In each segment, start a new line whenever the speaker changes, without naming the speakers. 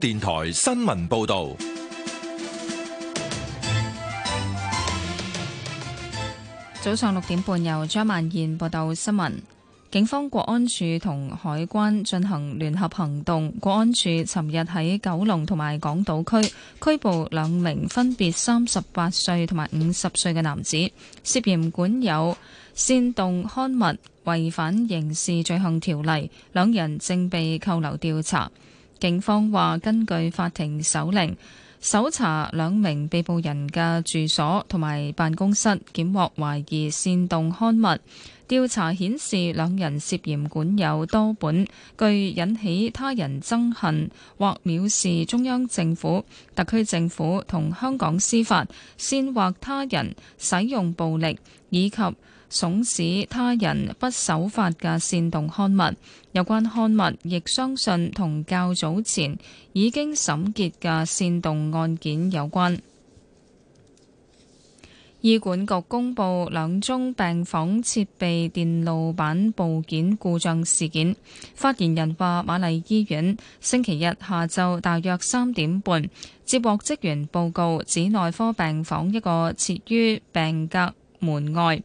電台新聞報道：
早上六點半，由張萬燕報道新聞。警方國安處同海關進行聯合行動，國安處尋日喺九龍同埋港島區拘捕兩名分別三十八歲同埋五十歲嘅男子，涉嫌管有煽動刊物，違反刑事罪行條例。兩人正被扣留調查。警方話：根據法庭手令，搜查兩名被捕人嘅住所同埋辦公室，檢獲懷疑煽動刊物。調查顯示，兩人涉嫌管有多本具引起他人憎恨或藐視中央政府、特區政府同香港司法、煽惑他人使用暴力以及慫使他人不守法嘅煽動刊物，有關刊物亦相信同較早前已經審結嘅煽動案件有關。醫管局公布兩宗病房設備電路板部件故障事件。發言人話：瑪麗醫院星期日下晝大約三點半接獲職員報告，指內科病房一個設於病格門外。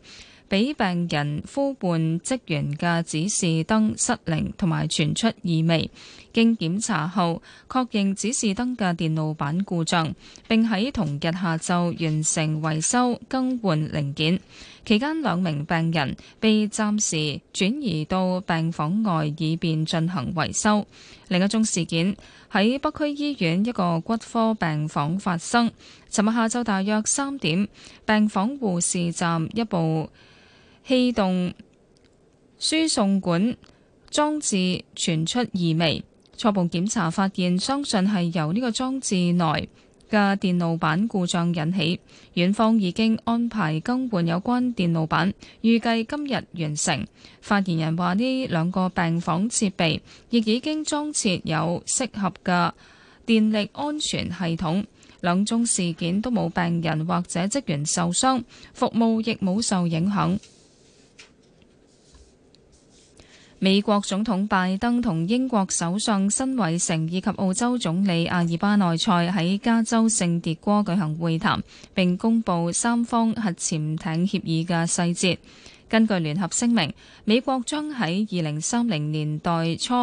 俾病人呼喚職員嘅指示燈失靈，同埋傳出異味。經檢查後確認指示燈嘅電路板故障，並喺同日下晝完成維修、更換零件。期間兩名病人被暫時轉移到病房外，以便進行維修。另一宗事件喺北區醫院一個骨科病房發生。尋日下晝大約三點，病房護士站一部。氣動輸送管裝置傳出異味，初步檢查發現，相信係由呢個裝置內嘅電路板故障引起。院方已經安排更換有關電路板，預計今日完成。發言人話：呢兩個病房設備亦已經裝設有適合嘅電力安全系統，兩宗事件都冇病人或者職員受傷，服務亦冇受影響。美國總統拜登同英國首相辛偉誠以及澳洲總理阿爾巴內塞喺加州聖迭戈舉行會談，並公布三方核潛艇協議嘅細節。根據聯合聲明，美國將喺二零三零年代初。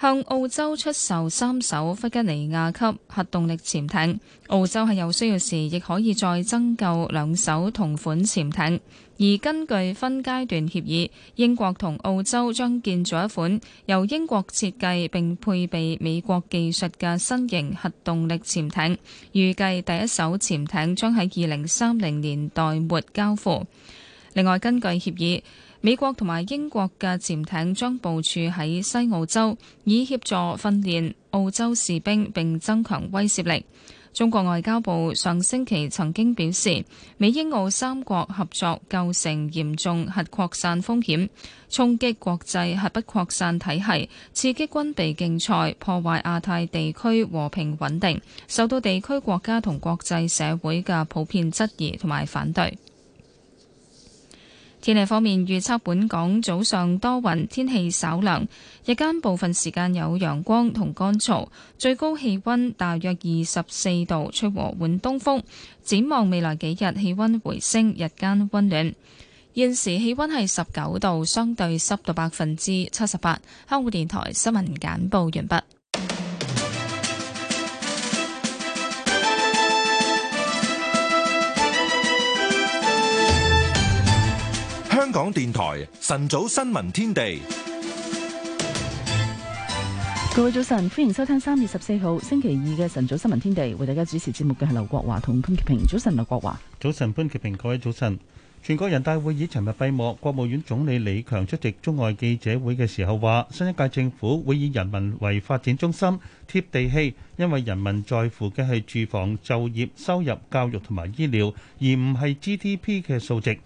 向澳洲出售三艘弗吉尼亞級核動力潛艇，澳洲喺有需要時亦可以再增購兩艘同款潛艇。而根據分階段協議，英國同澳洲將建造一款由英國設計並配備美國技術嘅新型核動力潛艇，預計第一艘潛艇將喺二零三零年代末交付。另外，根據協議。美國同埋英國嘅潛艇將部署喺西澳洲，以協助訓練澳洲士兵並增強威懾力。中國外交部上星期曾經表示，美英澳三國合作構成嚴重核擴散風險，衝擊國際核不擴散體系，刺激軍備競賽，破壞亞太地區和平穩定，受到地區國家同國際社會嘅普遍質疑同埋反對。天氣方面預測，本港早上多雲，天氣稍涼，日間部分時間有陽光同乾燥，最高氣溫大約二十四度，吹和緩東風。展望未來幾日，氣溫回升，日間溫暖。現時氣溫係十九度，相對濕度百分之七十八。香港電台新聞簡報完畢。
香港電台晨早新聞天地，
各位早晨，歡迎收聽三月十四號星期二嘅晨早新聞天地。為大家主持節目嘅係劉國華同潘潔平。早晨，劉國華，
早晨，潘潔平，各位早晨。全國人大會議尋日閉幕，國務院總理李強出席中外記者會嘅時候話：新一屆政府會以人民為發展中心，貼地氣，因為人民在乎嘅係住房、就業、收入、教育同埋醫療，而唔係 GDP 嘅數值。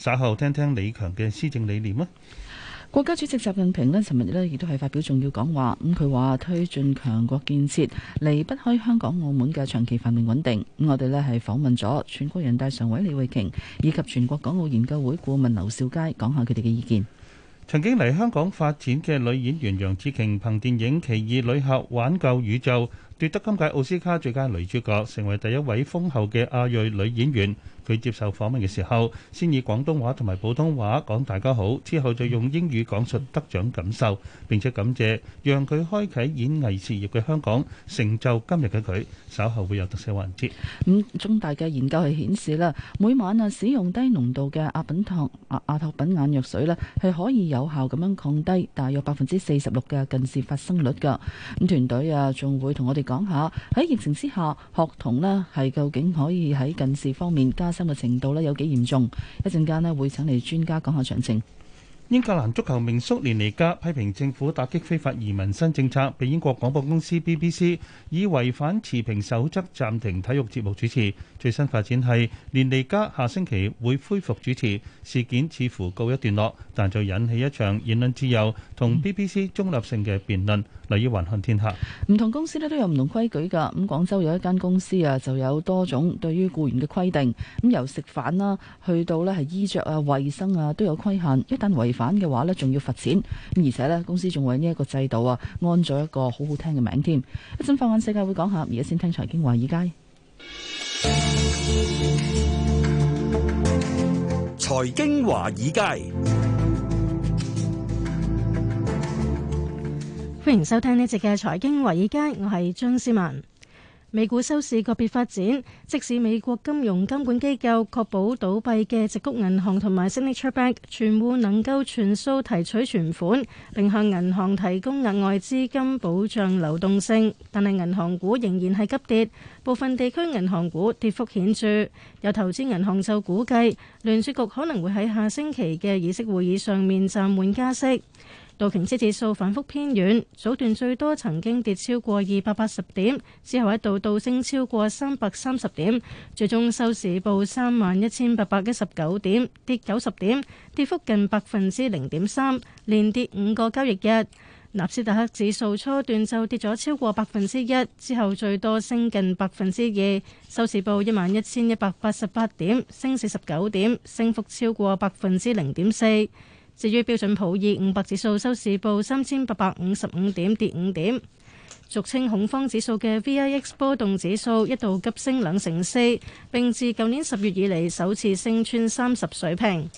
稍後聽聽李強嘅施政理念啊！
國家主席習近平呢，尋日呢亦都係發表重要講話。咁佢話推進強國建設，離不開香港澳門嘅長期繁榮穩定。咁我哋呢係訪問咗全國人大常委李慧瓊以及全國港澳研究會顧問劉兆佳，講下佢哋嘅意見。曾經嚟香港發展嘅
女演員楊紫瓊，憑電影《奇異女俠玩救宇宙》奪得今屆奧斯卡最佳女主角，成為第一位封后嘅亞裔女演員。佢接受訪問嘅時候，先以廣東話同埋普通話講大家好，之後再用英語講述得獎感受，並且感謝讓佢開啟演藝事業嘅香港，成就今日嘅佢。稍後會有特色環節。
咁中大嘅研究係顯示啦，每晚啊使用低濃度嘅阿品托阿阿托品眼藥水啦，係可以有效咁樣降低大約百分之四十六嘅近視發生率㗎。咁團隊啊，仲會同我哋講下喺疫情之下，學童咧係究竟可以喺近視方面加生嘅程度咧有幾嚴重？一陣間咧會請嚟專家講下詳情。
英格蘭足球名宿連尼加批評政府打擊非法移民新政策，被英國廣播公司 BBC 以違反持平守則暫停體育節目主持。最新發展係連尼加下星期會恢復主持，事件似乎告一段落，但就引起一場言論自由同 BBC 中立性嘅辯論。嚟到雲漢天下，
唔同公司咧都有唔同規矩噶。咁廣州有一間公司啊就有多種對於雇員嘅規定，咁由食飯啦，去到咧係衣着啊、衛生啊都有規限，一旦違反。版嘅話咧，仲要罰錢。咁而且咧，公司仲為呢一個制度啊，安咗一個好好聽嘅名添。一陣放眼世界會講下，而家先聽財經華爾街。
財經華爾街，
歡迎收聽呢集嘅財經華爾街，我係張思文。美股收市個別發展，即使美國金融監管機構確保倒閉嘅矽谷銀行同埋 Signature Bank 全部能夠全數提取存款並向銀行提供額外資金保障流動性，但係銀行股仍然係急跌，部分地區銀行股跌幅顯著。有投資銀行就估計聯儲局可能會喺下星期嘅議息會議上面暫緩加息。道瓊斯指數反覆偏軟，早段最多曾經跌超過二百八十點，之後一度倒升超過三百三十點，最終收市報三萬一千八百一十九點，跌九十點，跌幅近百分之零點三，連跌五個交易日。納斯達克指數初段就跌咗超過百分之一，之後最多升近百分之二，收市報一萬一千一百八十八點，升四十九點，升幅超過百分之零點四。至於標準普爾五百指數收市報三千八百五十五點，跌五點。俗稱恐慌指數嘅 VIX 波動指數一度急升兩成四，並自去年十月以嚟首次升穿三十水平。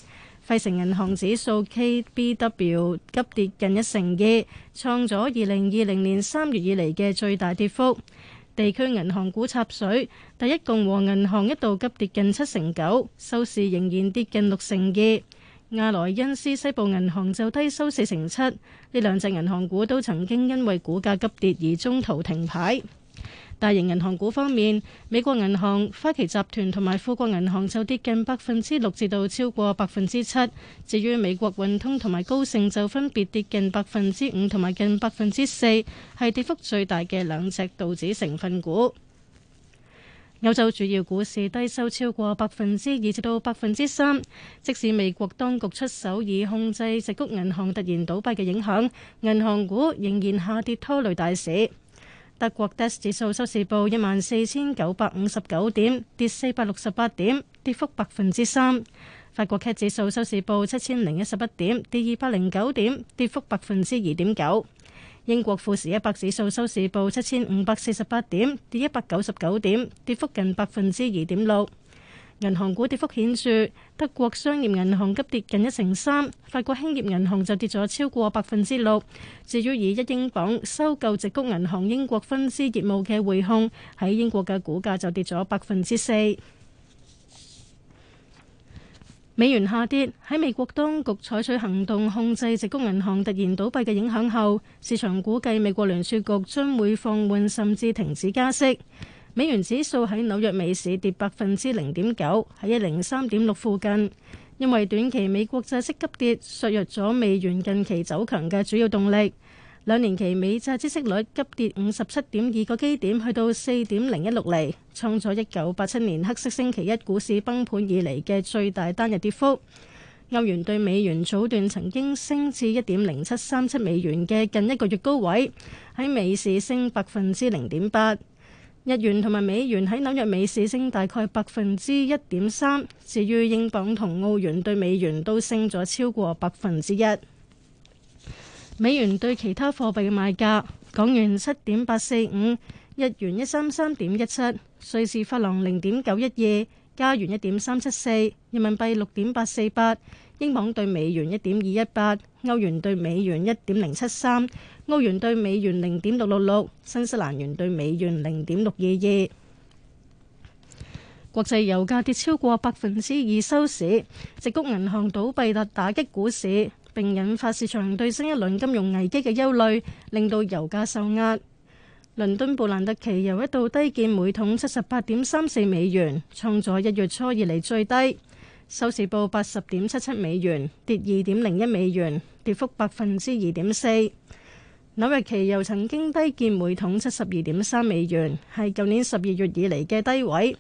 費城銀行指數 KBW 急跌近一成二，創咗二零二零年三月以嚟嘅最大跌幅。地區銀行股插水，第一共和銀行一度急跌近七成九，收市仍然跌近六成二。亞萊恩斯西部銀行就低收四成七，呢兩隻銀行股都曾經因為股價急跌而中途停牌。大型銀行股方面，美國銀行、花旗集團同埋富國銀行就跌近百分之六至到超過百分之七。至於美國運通同埋高盛就分別跌近百分之五同埋近百分之四，係跌幅最大嘅兩隻道指成分股。歐洲主要股市低收超過百分之二至到百分之三，即使美國當局出手以控制硅谷銀行突然倒閉嘅影響，銀行股仍然下跌拖累大市。德國 DAX 指數收市報一萬四千九百五十九點，跌四百六十八點，跌幅百分之三。法國 CAC 指數收市報七千零一十八點，跌二百零九點，跌幅百分之二點九。英國富時一百指數收市報七千五百四十八點，跌一百九十九點，跌幅近百分之二點六。銀行股跌幅顯著，德國商業銀行急跌近一成三，法國興業銀行就跌咗超過百分之六。至於以一英鎊收購矽谷銀行英國分支業務嘅匯控，喺英國嘅股價就跌咗百分之四。美元下跌，喺美國當局採取行動控制矽谷銀行突然倒閉嘅影響後，市場估計美國聯儲局將會放緩甚至停止加息。美元指數喺紐約美市跌百分之零點九，喺一零三點六附近，因為短期美國債息急跌削弱咗美元近期走強嘅主要動力。兩年期美債孳息率急跌五十七點二個基點，去到四點零一六厘，創咗一九八七年黑色星期一股市崩盤以嚟嘅最大單日跌幅。歐元對美元早段曾經升至一點零七三七美元嘅近一個月高位，喺美市升百分之零點八。日元同埋美元喺紐約美市升大概百分之一點三。至於英鎊同澳元對美元都升咗超過百分之一。美元對其他貨幣嘅賣價：港元七點八四五，日元一三三點一七，瑞士法郎零點九一二，加元一點三七四，人民幣六點八四八，英鎊對美元一點二一八，歐元對美元一點零七三，歐元對美元零點六六六，新西蘭元對美元零點六二二。國際油價跌超過百分之二收市，矽谷銀行倒閉嘅打擊股市。並引發市場對新一輪金融危機嘅憂慮，令到油價受壓。倫敦布蘭特期油一度低見每桶七十八點三四美元，創咗一月初以嚟最低，收市報八十點七七美元，跌二點零一美元，跌幅百分之二點四。紐約期油曾經低見每桶七十二點三美元，係舊年十二月以嚟嘅低位。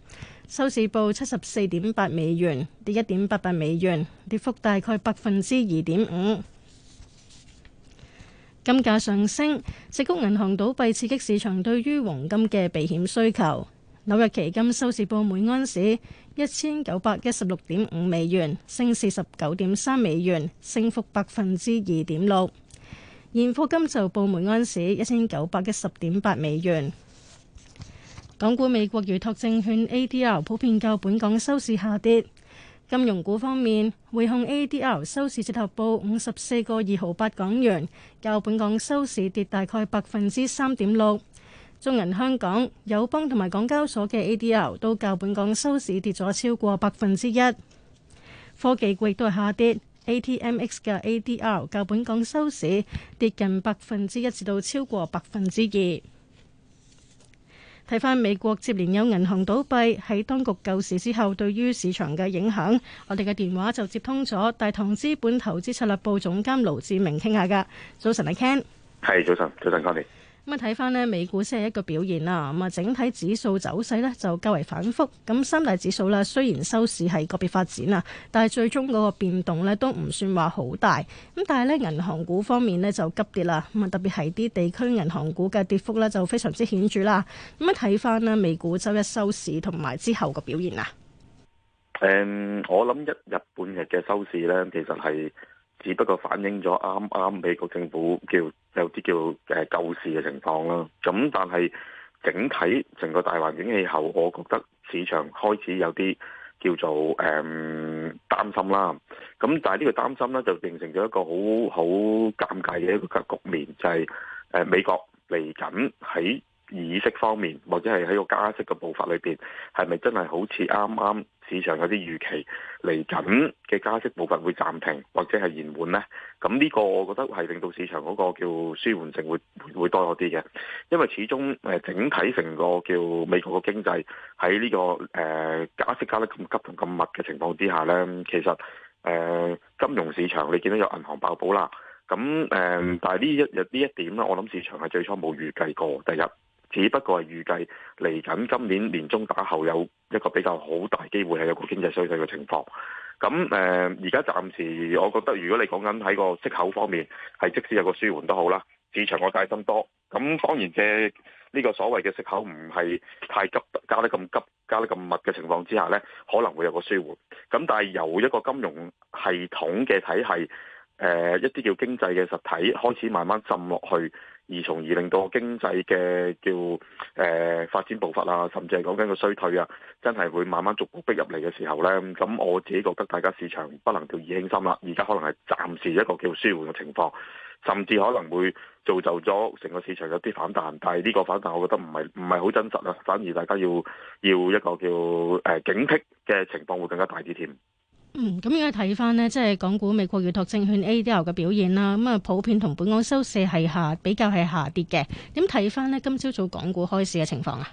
收市報七十四點八美元，跌一點八八美元，跌幅大概百分之二點五。金價上升，矽谷銀行倒閉刺激市場對於黃金嘅避險需求。紐約期金收市報每安士一千九百一十六點五美元，升四十九點三美元，升幅百分之二點六。現貨金就報每安士一千九百一十點八美元。港股美國預託證券 A D L 普遍較本港收市下跌。金融股方面，匯控 A D L 收市折合報五十四個二毫八港元，較本港收市跌大概百分之三點六。中銀香港、友邦同埋港交所嘅 A D L 都較本港收市跌咗超過百分之一。科技股亦都係下跌，A T M X 嘅 A D L 較本港收市跌近百分之一至到超過百分之二。睇翻美國接連有銀行倒閉，喺當局救市之後對於市場嘅影響，我哋嘅電話就接通咗大同資本投資策略部總監盧志明傾下噶。早晨啊，Ken。
係早晨，早晨，歡迎。
咁啊，睇翻呢，美股先係一個表現啦。咁啊，整體指數走勢呢，就較為反復。咁三大指數啦，雖然收市係個別發展啊，但係最終嗰個變動呢，都唔算話好大。咁但係呢，銀行股方面呢，就急跌啦。咁啊，特別係啲地區銀行股嘅跌幅呢，就非常之顯著啦。咁啊，睇翻呢，美股周一收市同埋之後嘅表現啊。
誒、嗯，我諗一日半日嘅收市呢，其實係。只不過反映咗啱啱美國政府叫有啲叫誒救市嘅情況啦。咁但係整體成個大環境氣候，我覺得市場開始有啲叫做誒擔心啦。咁但係呢個擔心咧，就形成咗一個好好尷尬嘅一個局面，就係誒美國嚟緊喺意識方面，或者係喺個加息嘅步伐裏邊，係咪真係好似啱啱？市場有啲預期嚟緊嘅加息部分會暫停或者係延緩呢。咁呢個我覺得係令到市場嗰個叫舒緩性會會，會多咗啲嘅，因為始終誒整體成個叫美國個經濟喺呢、這個誒、呃、加息加得咁急同咁密嘅情況之下呢，其實誒、呃、金融市場你見到有銀行爆煲啦，咁誒，呃嗯、但係呢一呢一點呢，我諗市場係最初冇預計過，第一。只不過係預計嚟緊今年年中打後有一個比較好大機會係有個經濟衰退嘅情況。咁誒，而家暫時我覺得，如果你講緊喺個息口方面，係即使有個舒緩都好啦，市場我戒心多。咁當然嘅呢、這個所謂嘅息口唔係太急加得咁急，加得咁密嘅情況之下呢，可能會有個舒緩。咁但係由一個金融系統嘅體系，誒、呃、一啲叫經濟嘅實體開始慢慢浸落去。而從而令到經濟嘅叫誒、呃、發展步伐啊，甚至係講緊個衰退啊，真係會慢慢逐步逼入嚟嘅時候呢。咁我自己覺得大家市場不能掉以輕心啦。而家可能係暫時一個叫舒緩嘅情況，甚至可能會造就咗成個市場有啲反彈，但係呢個反彈我覺得唔係唔係好真實啊，反而大家要要一個叫誒、呃、警惕嘅情況會更加大啲添。
嗯，咁而家睇翻呢，即係港股、美國、預託證券 A.D.R. 嘅表現啦。咁啊，普遍同本港收市係下比較係下跌嘅。點睇翻呢？今朝早，早港股開市嘅情況啊？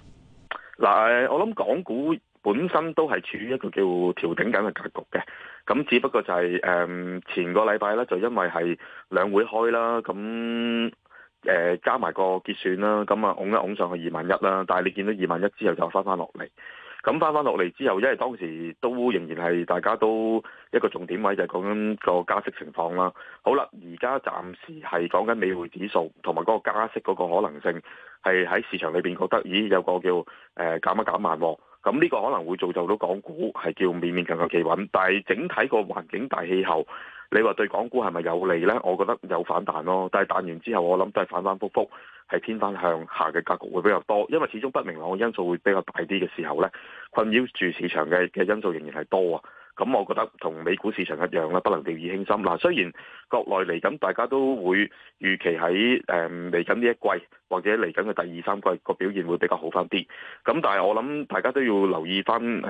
嗱、
呃，我諗港股本身都係處於一個叫調整緊嘅格局嘅。咁只不過就係、是、誒、嗯、前個禮拜咧，就因為係兩會開啦，咁誒、呃、加埋個結算啦，咁啊，拱一拱上去二萬一啦。但係你見到二萬一之後就，就翻翻落嚟。咁翻翻落嚟之後，因為當時都仍然係大家都一個重點位，就係講緊個加息情況啦。好啦，而家暫時係講緊美匯指數同埋嗰個加息嗰個可能性，係喺市場裏邊覺得，咦有個叫誒減一減慢喎。咁呢個可能會造就到港股係叫勉勉強強企穩，但係整體個環境大氣候。你話對港股係咪有利呢？我覺得有反彈咯、哦，但係彈完之後，我諗都係反反覆覆係偏翻向下嘅格局會比較多，因為始終不明朗嘅因素會比較大啲嘅時候呢，困擾住市場嘅嘅因素仍然係多啊。咁、嗯、我覺得同美股市場一樣啦，不能掉以輕心。嗱，雖然國內嚟緊，大家都會預期喺誒嚟緊呢一季。或者嚟緊嘅第二三季個表現會比較好翻啲，咁但係我諗大家都要留意翻，誒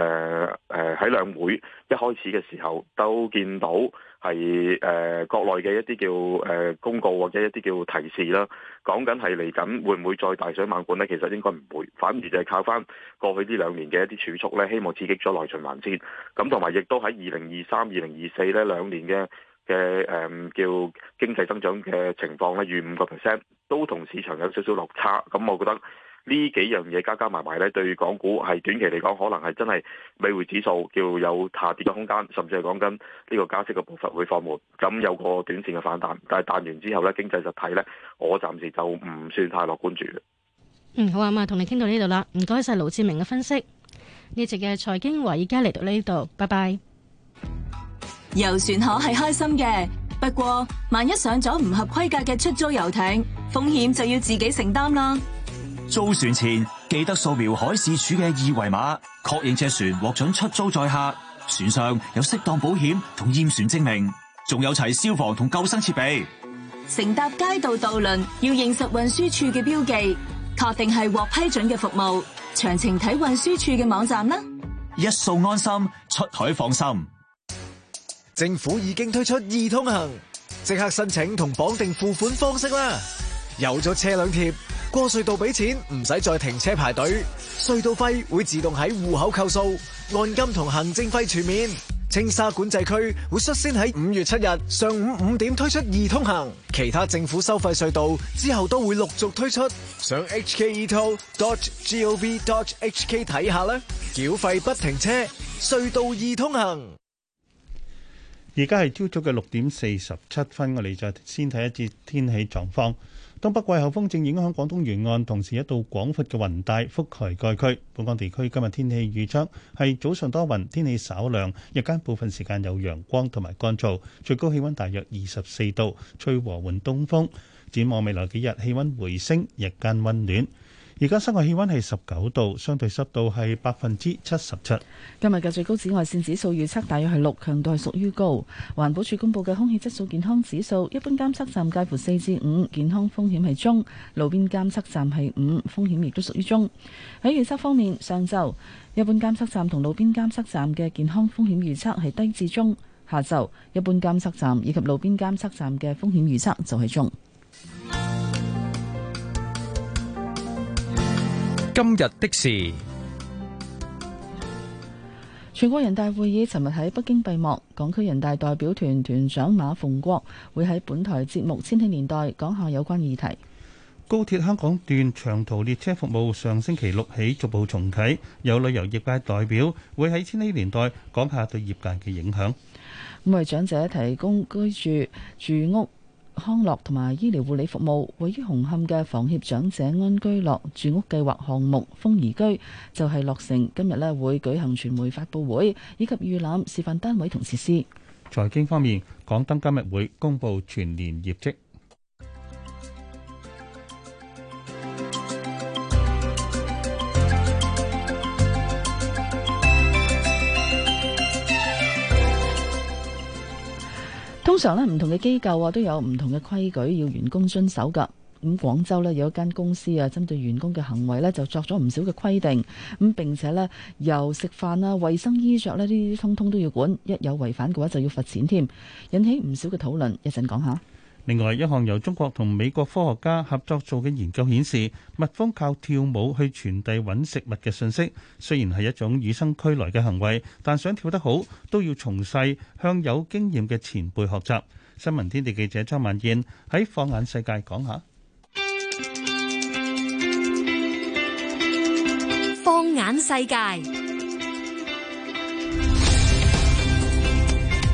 誒喺兩會一開始嘅時候都見到係誒、呃、國內嘅一啲叫誒、呃、公告或者一啲叫提示啦，講緊係嚟緊會唔會再大水漫灌呢？其實應該唔會，反而就係靠翻過去呢兩年嘅一啲儲蓄呢，希望刺激咗內循環先。咁同埋亦都喺二零二三、二零二四呢兩年嘅嘅誒叫經濟增長嘅情況呢，逾五個 percent。都同市場有少少落差，咁、嗯、我覺得呢幾樣嘢加加埋埋咧，對港股係短期嚟講，可能係真係美匯指數叫有下跌嘅空間，甚至係講緊呢個加息嘅步伐會放緩，咁有個短線嘅反彈，但係彈完之後咧，經濟實體咧，我暫時就唔算太樂觀住。
嗯，好啊，咁啊，同你傾到呢度啦，唔該晒，盧志明嘅分析，呢集嘅財經華爾街嚟到呢度，拜拜。遊船河係開心嘅。不過，萬一上咗唔合規格嘅出租遊艇，
風險就要自己承擔啦。
租船前記得掃描海事處嘅二維碼，確認隻船獲准出租載客，船上有適當保險同驗船證明，仲有齊消防同救生設備。
乘搭街道渡輪要認識運輸署嘅標記，確定係獲批准嘅服務。詳情睇
運輸署嘅網站啦。
一掃安心，出海放心。政府已經推出易通行，即刻申請同綁定付款方式啦。
有咗車輛貼，過隧道俾錢，唔使再停車排隊。隧道費會自動喺戶口扣數，按金同行政費全面。青沙管制區會率先喺五月七日上午五點推出易通行，其他政府收費隧道之後都會陸續推出。上 hketoll.gov.hk 睇下啦，繳費不停車，隧道易通行。
而家係朝早嘅六點四十七分，我哋再先睇一節天氣狀況。東北季候風正影響廣東沿岸，同時一道廣闊嘅雲帶覆蓋該區。本港地區今日天氣預測係早上多雲，天氣稍涼，日間部分時間有陽光同埋乾燥，最高氣溫大約二十四度，吹和緩東風。展望未來幾日，氣溫回升，日間溫暖。而家室外氣溫係十九度，相對濕度係百分之七十七。
今日嘅最高紫外線指數預測大約係六，強度係屬於高。環保署公布嘅空氣質素健康指數一般監測站介乎四至五，健康風險係中；路邊監測站係五，風險亦都屬於中。喺預測方面，上晝一般監測站同路邊監測站嘅健康風險預測係低至中；下晝一般監測站以及路邊監測站嘅風險預測就係中。
今日的事，
全國人大會議尋日喺北京閉幕，港區人大代表團團長馬逢國會喺本台節目《千禧年代》講下有關議題。
高鐵香港段長途列車服務上星期六起逐步重啟，有旅遊業界代表會喺《千禧年代》講下對業界嘅影響。
咁為長者提供居住住屋。康樂同埋醫療護理服務，位於紅磡嘅房協長者安居樂住屋計劃項目豐頤居就係落成，今日咧會舉行傳媒發布會，以及預覽示範單位同設施。
財經方面，港燈今日會公布全年業績。
通常咧，唔同嘅機構啊，都有唔同嘅規矩要員工遵守噶。咁、嗯、廣州咧有一間公司啊，針對員工嘅行為咧就作咗唔少嘅規定，咁、嗯、並且咧由食飯啊、衛生衣、啊、衣着呢啲通通都要管，一有違反嘅話就要罰錢添，引起唔少嘅討論。講一陣講下。
另外，一項由中國同美國科學家合作做嘅研究顯示，蜜蜂靠跳舞去傳遞揾食物嘅信息。雖然係一種與生俱來嘅行為，但想跳得好，都要從細向有經驗嘅前輩學習。新聞天地記者周曼燕喺放眼世界講下。
放眼
世界。講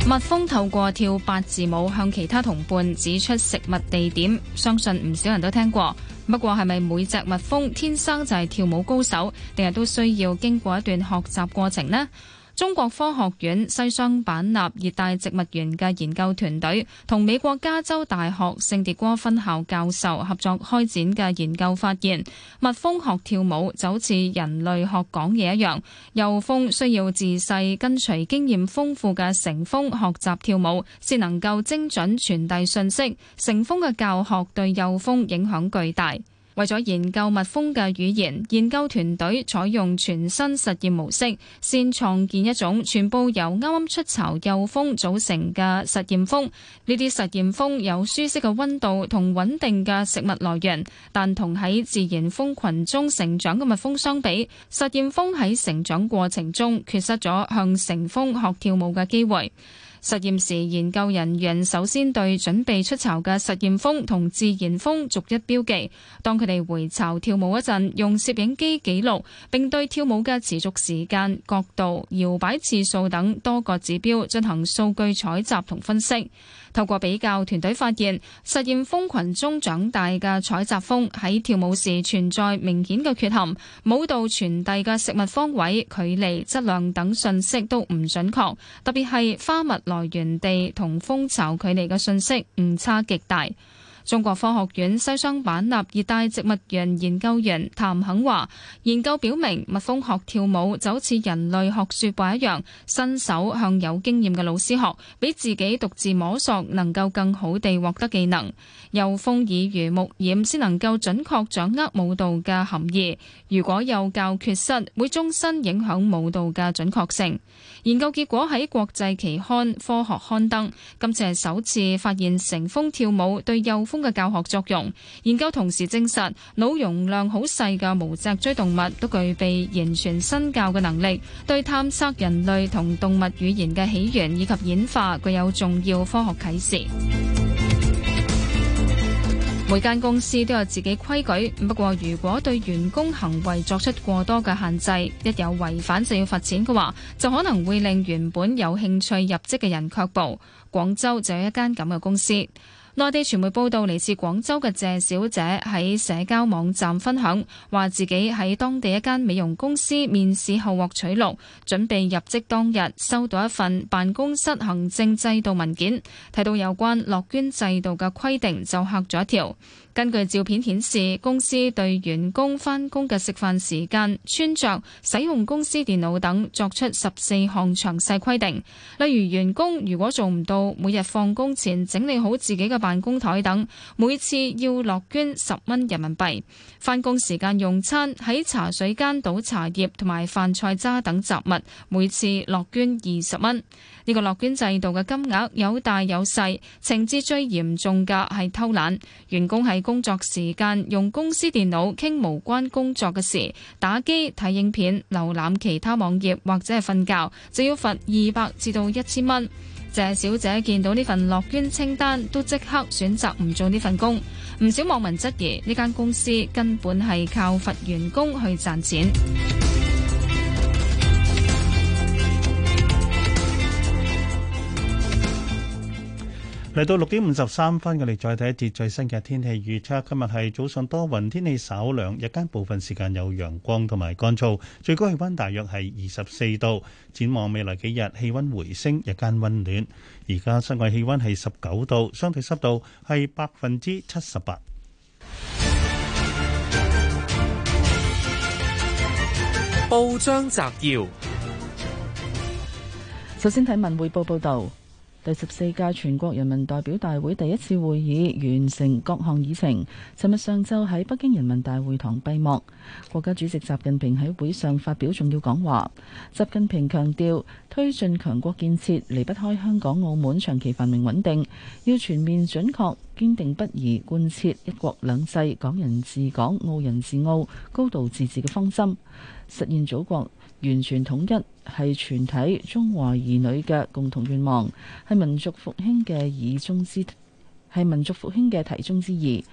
蜜蜂透過跳八字舞向其他同伴指出食物地點，相信唔少人都聽過。不過，係咪每隻蜜蜂天生就係跳舞高手，定係都需要經過一段學習過程呢？中國科學院西雙版納熱帶植物園嘅研究團隊同美國加州大學聖迭戈分校教授合作開展嘅研究發現，蜜蜂學跳舞就好似人類學講嘢一樣，幼蜂需要自細跟隨經驗豐富嘅成蜂學習跳舞，先能夠精準傳遞信息。成蜂嘅教學對幼蜂影響巨大。為咗研究蜜蜂嘅語言，研究團隊採用全新實驗模式，先創建一種全部由啱啱出巢幼蜂組成嘅實驗蜂。呢啲實驗蜂有舒適嘅溫度同穩定嘅食物來源，但同喺自然蜂群中成長嘅蜜蜂相比，實驗蜂喺成長過程中缺失咗向成蜂學跳舞嘅機會。實驗時，研究人員首先對準備出巢嘅實驗蜂同自然蜂逐一標記。當佢哋回巢跳舞一陣，用攝影機記錄，並對跳舞嘅持續時間、角度、搖擺次數等多個指標進行數據採集同分析。透過比較，團隊發現，實驗蜂群中長大嘅採集蜂喺跳舞時存在明顯嘅缺陷，舞蹈傳遞嘅食物方位、距離、質量等信息都唔準確，特別係花蜜來源地同蜂巢距離嘅信息誤差極大。中國科學院西雙版納熱帶植物園研究員譚肯話：研究表明，蜜蜂學跳舞，就好似人類學說話一樣，伸手向有經驗嘅老師學，比自己獨自摸索能夠更好地獲得技能。幼蜂耳濡目染，先能夠準確掌握舞蹈嘅含義，如果幼教缺失，會終身影響舞蹈嘅準確性。研究結果喺國際期刊《科學》刊登，今次係首次發現成蜂跳舞對幼蜂嘅教學作用。研究同時證實，腦容量好細嘅無脊椎動物都具備言傳身教嘅能力，對探測人類同動物語言嘅起源以及演化具有重要科學啟示。每間公司都有自己規矩，不過如果對員工行為作出過多嘅限制，一有違反就要罰錢嘅話，就可能會令原本有興趣入職嘅人卻步。廣州就有一間咁嘅公司。內地傳媒報道，來自廣州嘅謝小姐喺社交網站分享，話自己喺當地一間美容公司面試後獲取錄，準備入職當日收到一份辦公室行政制度文件，睇到有關樂捐制度嘅規定就嚇咗一跳。根據照片顯示，公司對員工返工嘅食飯時間、穿着、使用公司電腦等作出十四項詳細規定。例如，員工如果做唔到每日放工前整理好自己嘅辦公枱等，每次要落捐十蚊人民幣；返工時間用餐喺茶水間倒茶葉同埋飯菜渣等雜物，每次落捐二十蚊。呢個樂捐制度嘅金額有大有細，情節最嚴重嘅係偷懶。員工喺工作時間用公司電腦傾無關工作嘅事、打機、睇影片、瀏覽其他網頁或者係瞓覺，就要罰二百至到一千蚊。謝小姐見到呢份樂捐清單，都即刻選擇唔做呢份工。唔少網民質疑呢間公司根本係靠罰員工去賺錢。
嚟到六點五十三分，我哋再睇一節最新嘅天氣預測。今日係早上多雲天氣，稍涼，日間部分時間有陽光同埋乾燥，最高氣溫大約係二十四度。展望未來幾日，氣溫回升，日間溫暖。而家室外氣溫係十九度，相對濕度係百分之七十八。
報
章摘要，
首先睇文匯報報道。第十四屆全國人民代表大會第一次會議完成各項議程，尋日上晝喺北京人民大會堂閉幕。國家主席習近平喺會上發表重要講話。習近平強調，推進強國建設離不開香港、澳門長期繁榮穩定，要全面準確、堅定不移貫徹一國兩制、港人治港、澳人治澳、高度自治嘅方針，實現祖國完全統一係全體中華兒女嘅共同願望，係民族復興嘅以中之，係民族復興嘅題中之義。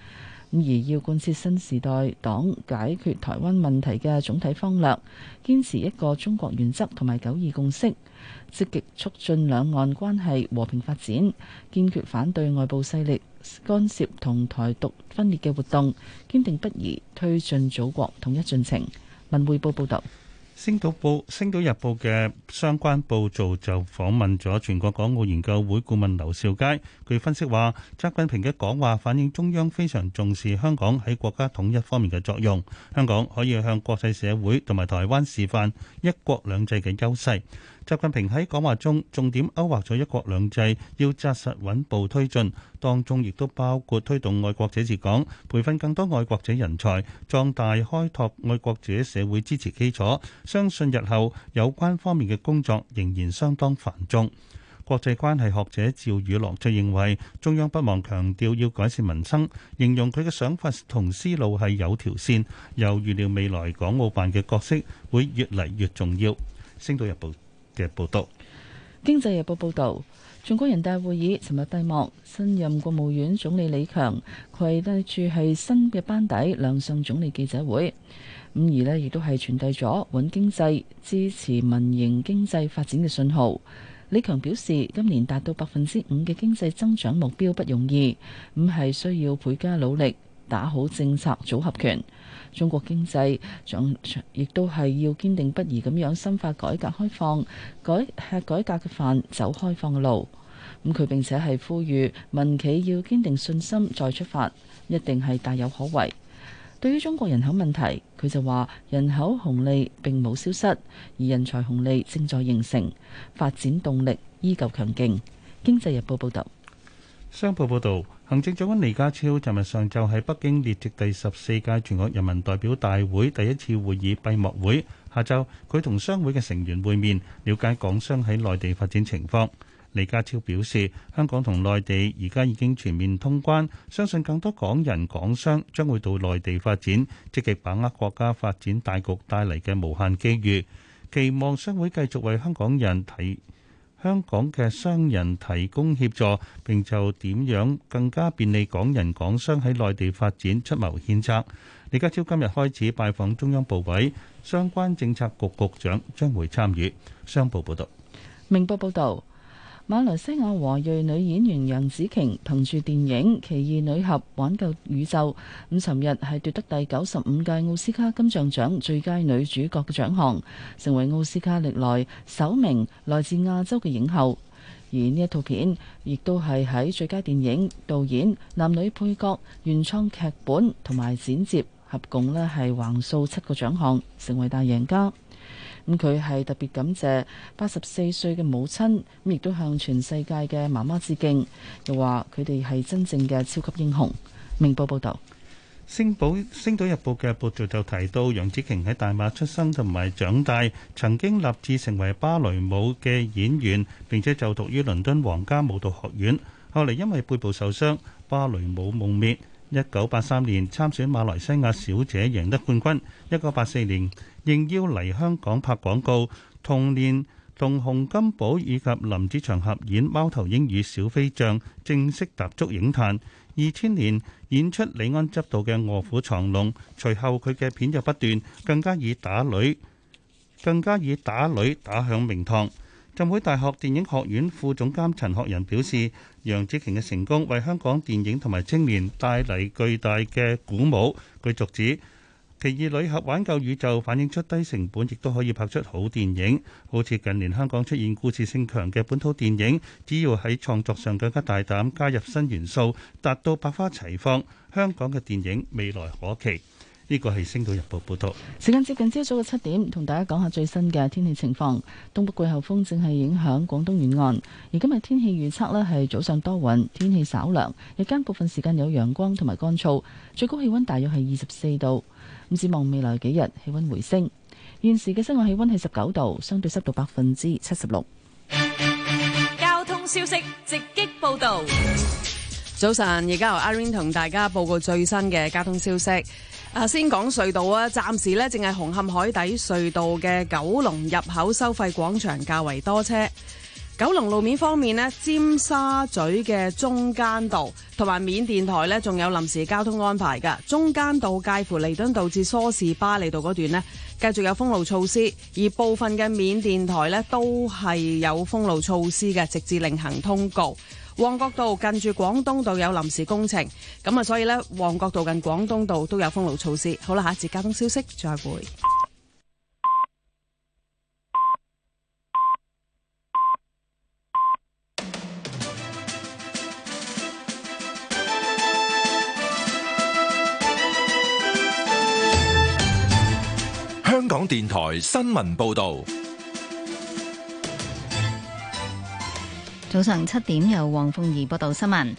而要貫徹新時代黨解決台灣問題嘅總體方略，堅持一個中國原則同埋九二共識，積極促進兩岸關係和平發展，堅決反對外部勢力干涉同台獨分裂嘅活動，堅定不移推進祖國統一進程。文匯報報道。
星島報、星島日報嘅相關報道就訪問咗全國港澳研究會顧問劉兆佳，據分析話，習近平嘅講話反映中央非常重視香港喺國家統一方面嘅作用，香港可以向國際社會同埋台灣示範一國兩制嘅優勢。習近平喺講話中重點勾畫咗一國兩制要紮實穩步推進，當中亦都包括推動愛國者治港、培訓更多愛國者人才，壯大開拓愛國者社會支持基礎。相信日後有關方面嘅工作仍然相當繁重。國際關係學者趙宇樂就認為，中央不忘強調要改善民生，形容佢嘅想法同思路係有條線，又預料未來港澳辦嘅角色會越嚟越重要。星島日報。嘅報道，
《經濟日報》報道，全國人大會議尋日閉幕，新任國務院總理李強，攜帶住係新嘅班底亮相總理記者會，咁而呢亦都係傳遞咗穩經濟、支持民營經濟發展嘅信號。李強表示，今年達到百分之五嘅經濟增長目標不容易，咁係需要倍加努力。打好政策組合拳，中國經濟仲亦都係要堅定不移咁樣深化改革開放，改吃改革嘅飯，走開放嘅路。咁佢並且係呼籲民企要堅定信心再出發，一定係大有可為。對於中國人口問題，佢就話人口紅利並冇消失，而人才紅利正在形成，發展動力依舊強勁。經濟日報報道。
商報報導，行政長官李家超尋日上晝喺北京列席第十四屆全國人民代表大會第一次會議閉幕會。下晝佢同商會嘅成員會面，瞭解港商喺內地發展情況。李家超表示，香港同內地而家已經全面通關，相信更多港人港商將會到內地發展，積極把握國家發展大局帶嚟嘅無限機遇，期望商會繼續為香港人提香港嘅商人提供協助，並就點樣更加便利港人港商喺內地發展出謀獻策。李家超今日開始拜訪中央部委，相關政策局局長將會參與。商報報導，
明報報導。馬來西亞華裔女演員楊紫瓊憑住電影《奇異女俠：挽救宇宙》，咁尋日係奪得第九十五屆奧斯卡金像獎最佳女主角嘅獎項，成為奧斯卡歷來首名來自亞洲嘅影后。而呢一套片亦都係喺最佳電影、導演、男女配角、原創劇本同埋剪接合共呢係橫掃七個獎項，成為大贏家。咁佢係特別感謝八十四歲嘅母親，亦都向全世界嘅媽媽致敬。又話佢哋係真正嘅超級英雄。明報報導，
星《星堡星島日報》嘅報導就提到，楊紫瓊喺大馬出生同埋長大，曾經立志成為芭蕾舞嘅演員，並且就讀於倫敦皇家舞蹈學院。後嚟因為背部受傷，芭蕾舞夢滅。一九八三年參選馬來西亞小姐，贏得冠軍。一九八四年應邀嚟香港拍廣告，同年同洪金寶以及林子祥合演《貓頭鷹與小飛象》，正式踏足影壇。二千年演出李安執導嘅《卧虎藏龍》，隨後佢嘅片就不斷，更加以打女更加以打女打響名堂。浸會大學電影學院副總監陳學仁表示，楊紫瓊嘅成功為香港電影同埋青年帶嚟巨大嘅鼓舞。佢續指，奇異女俠玩救宇宙反映出低成本亦都可以拍出好電影，好似近年香港出現故事性強嘅本土電影，只要喺創作上更加大膽，加入新元素，達到百花齊放，香港嘅電影未來可期。呢個係《星島日報》報道。
時間接近朝早嘅七點，同大家講下最新嘅天氣情況。東北季候風正係影響廣東沿岸。而今日天氣預測呢係早上多雲，天氣稍涼，日間部分時間有陽光同埋乾燥，最高氣溫大約係二十四度。咁指望未來幾日氣溫回升。現時嘅室外氣溫係十九度，相對濕度百分之七十六。
交通消息，
直擊報道。早晨，而家由阿 r i n g 同大家報告最新嘅交通消息。啊，先講隧道啊，暫時咧正係紅磡海底隧道嘅九龍入口收費廣場較為多車。九龍路面方面咧，尖沙咀嘅中間道同埋緬甸台咧，仲有臨時交通安排嘅。中間道介乎彌敦道至梳士巴利道嗰段咧，繼續有封路措施，而部分嘅緬甸台咧都係有封路措施嘅，直至另行通告。旺角道近住廣東道有臨時工程，咁啊，所以呢，旺角道近廣東道都有封路措施。好喇，下一節交通消息再會。
香港電台新聞報道。
早上七點，由黃鳳儀報道新聞。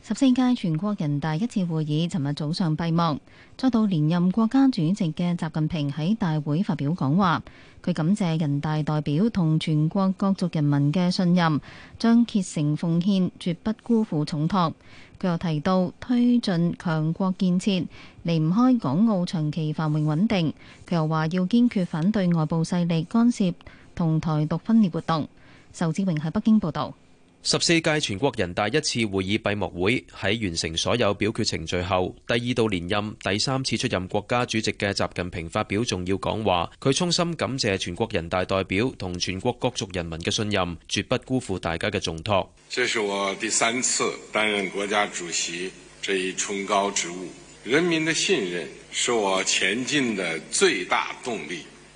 十四屆全國人大一次會議尋日早上閉幕。再到連任國家主席嘅習近平喺大會發表講話，佢感謝人大代表同全國各族人民嘅信任，將竭誠奉獻，絕不辜負重託。佢又提到推進強國建設，離唔開港澳長期繁榮穩定。佢又話要堅決反對外部勢力干涉同台獨分裂活動。仇志榮喺北京報道，
十四屆全國人大一次會議閉幕會喺完成所有表決程序後，第二度連任第三次出任國家主席嘅習近平發表重要講話。佢衷心感謝全國人大代表同全國各族人民嘅信任，絕不辜負大家嘅重託。
這是我第三次擔任國家主席這一崇高職務，人民的信任是我前進的最大動力。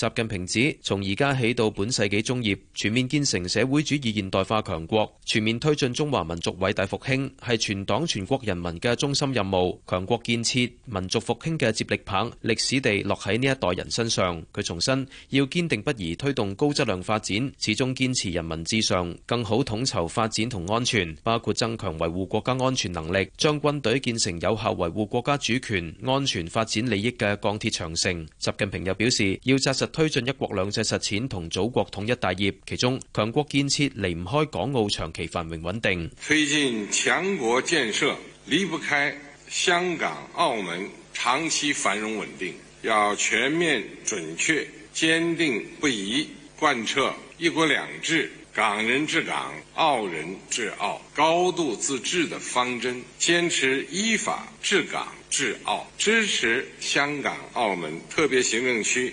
習近平指，從而家起到本世紀中葉，全面建成社會主義現代化強國，全面推進中華民族偉大復興，係全黨全國人民嘅中心任務。強國建設、民族復興嘅接力棒，歷史地落喺呢一代人身上。佢重申，要堅定不移推動高質量發展，始終堅持人民至上，更好統籌發展同安全，包括增強維護國家安全能力，將軍隊建成有效維護國家主權、安全、發展利益嘅鋼鐵長城。習近平又表示，要紮實。推進一國兩制實踐同祖國統一大業，其中強國建設離不開港澳長期繁榮穩定。
推進強國建設離不開香港、澳門長期繁榮穩定，要全面、準確、堅定不移貫徹一國兩制、港人治港、澳人治澳、高度自治的方針，堅持依法治港治澳，支持香港、澳門特別行政區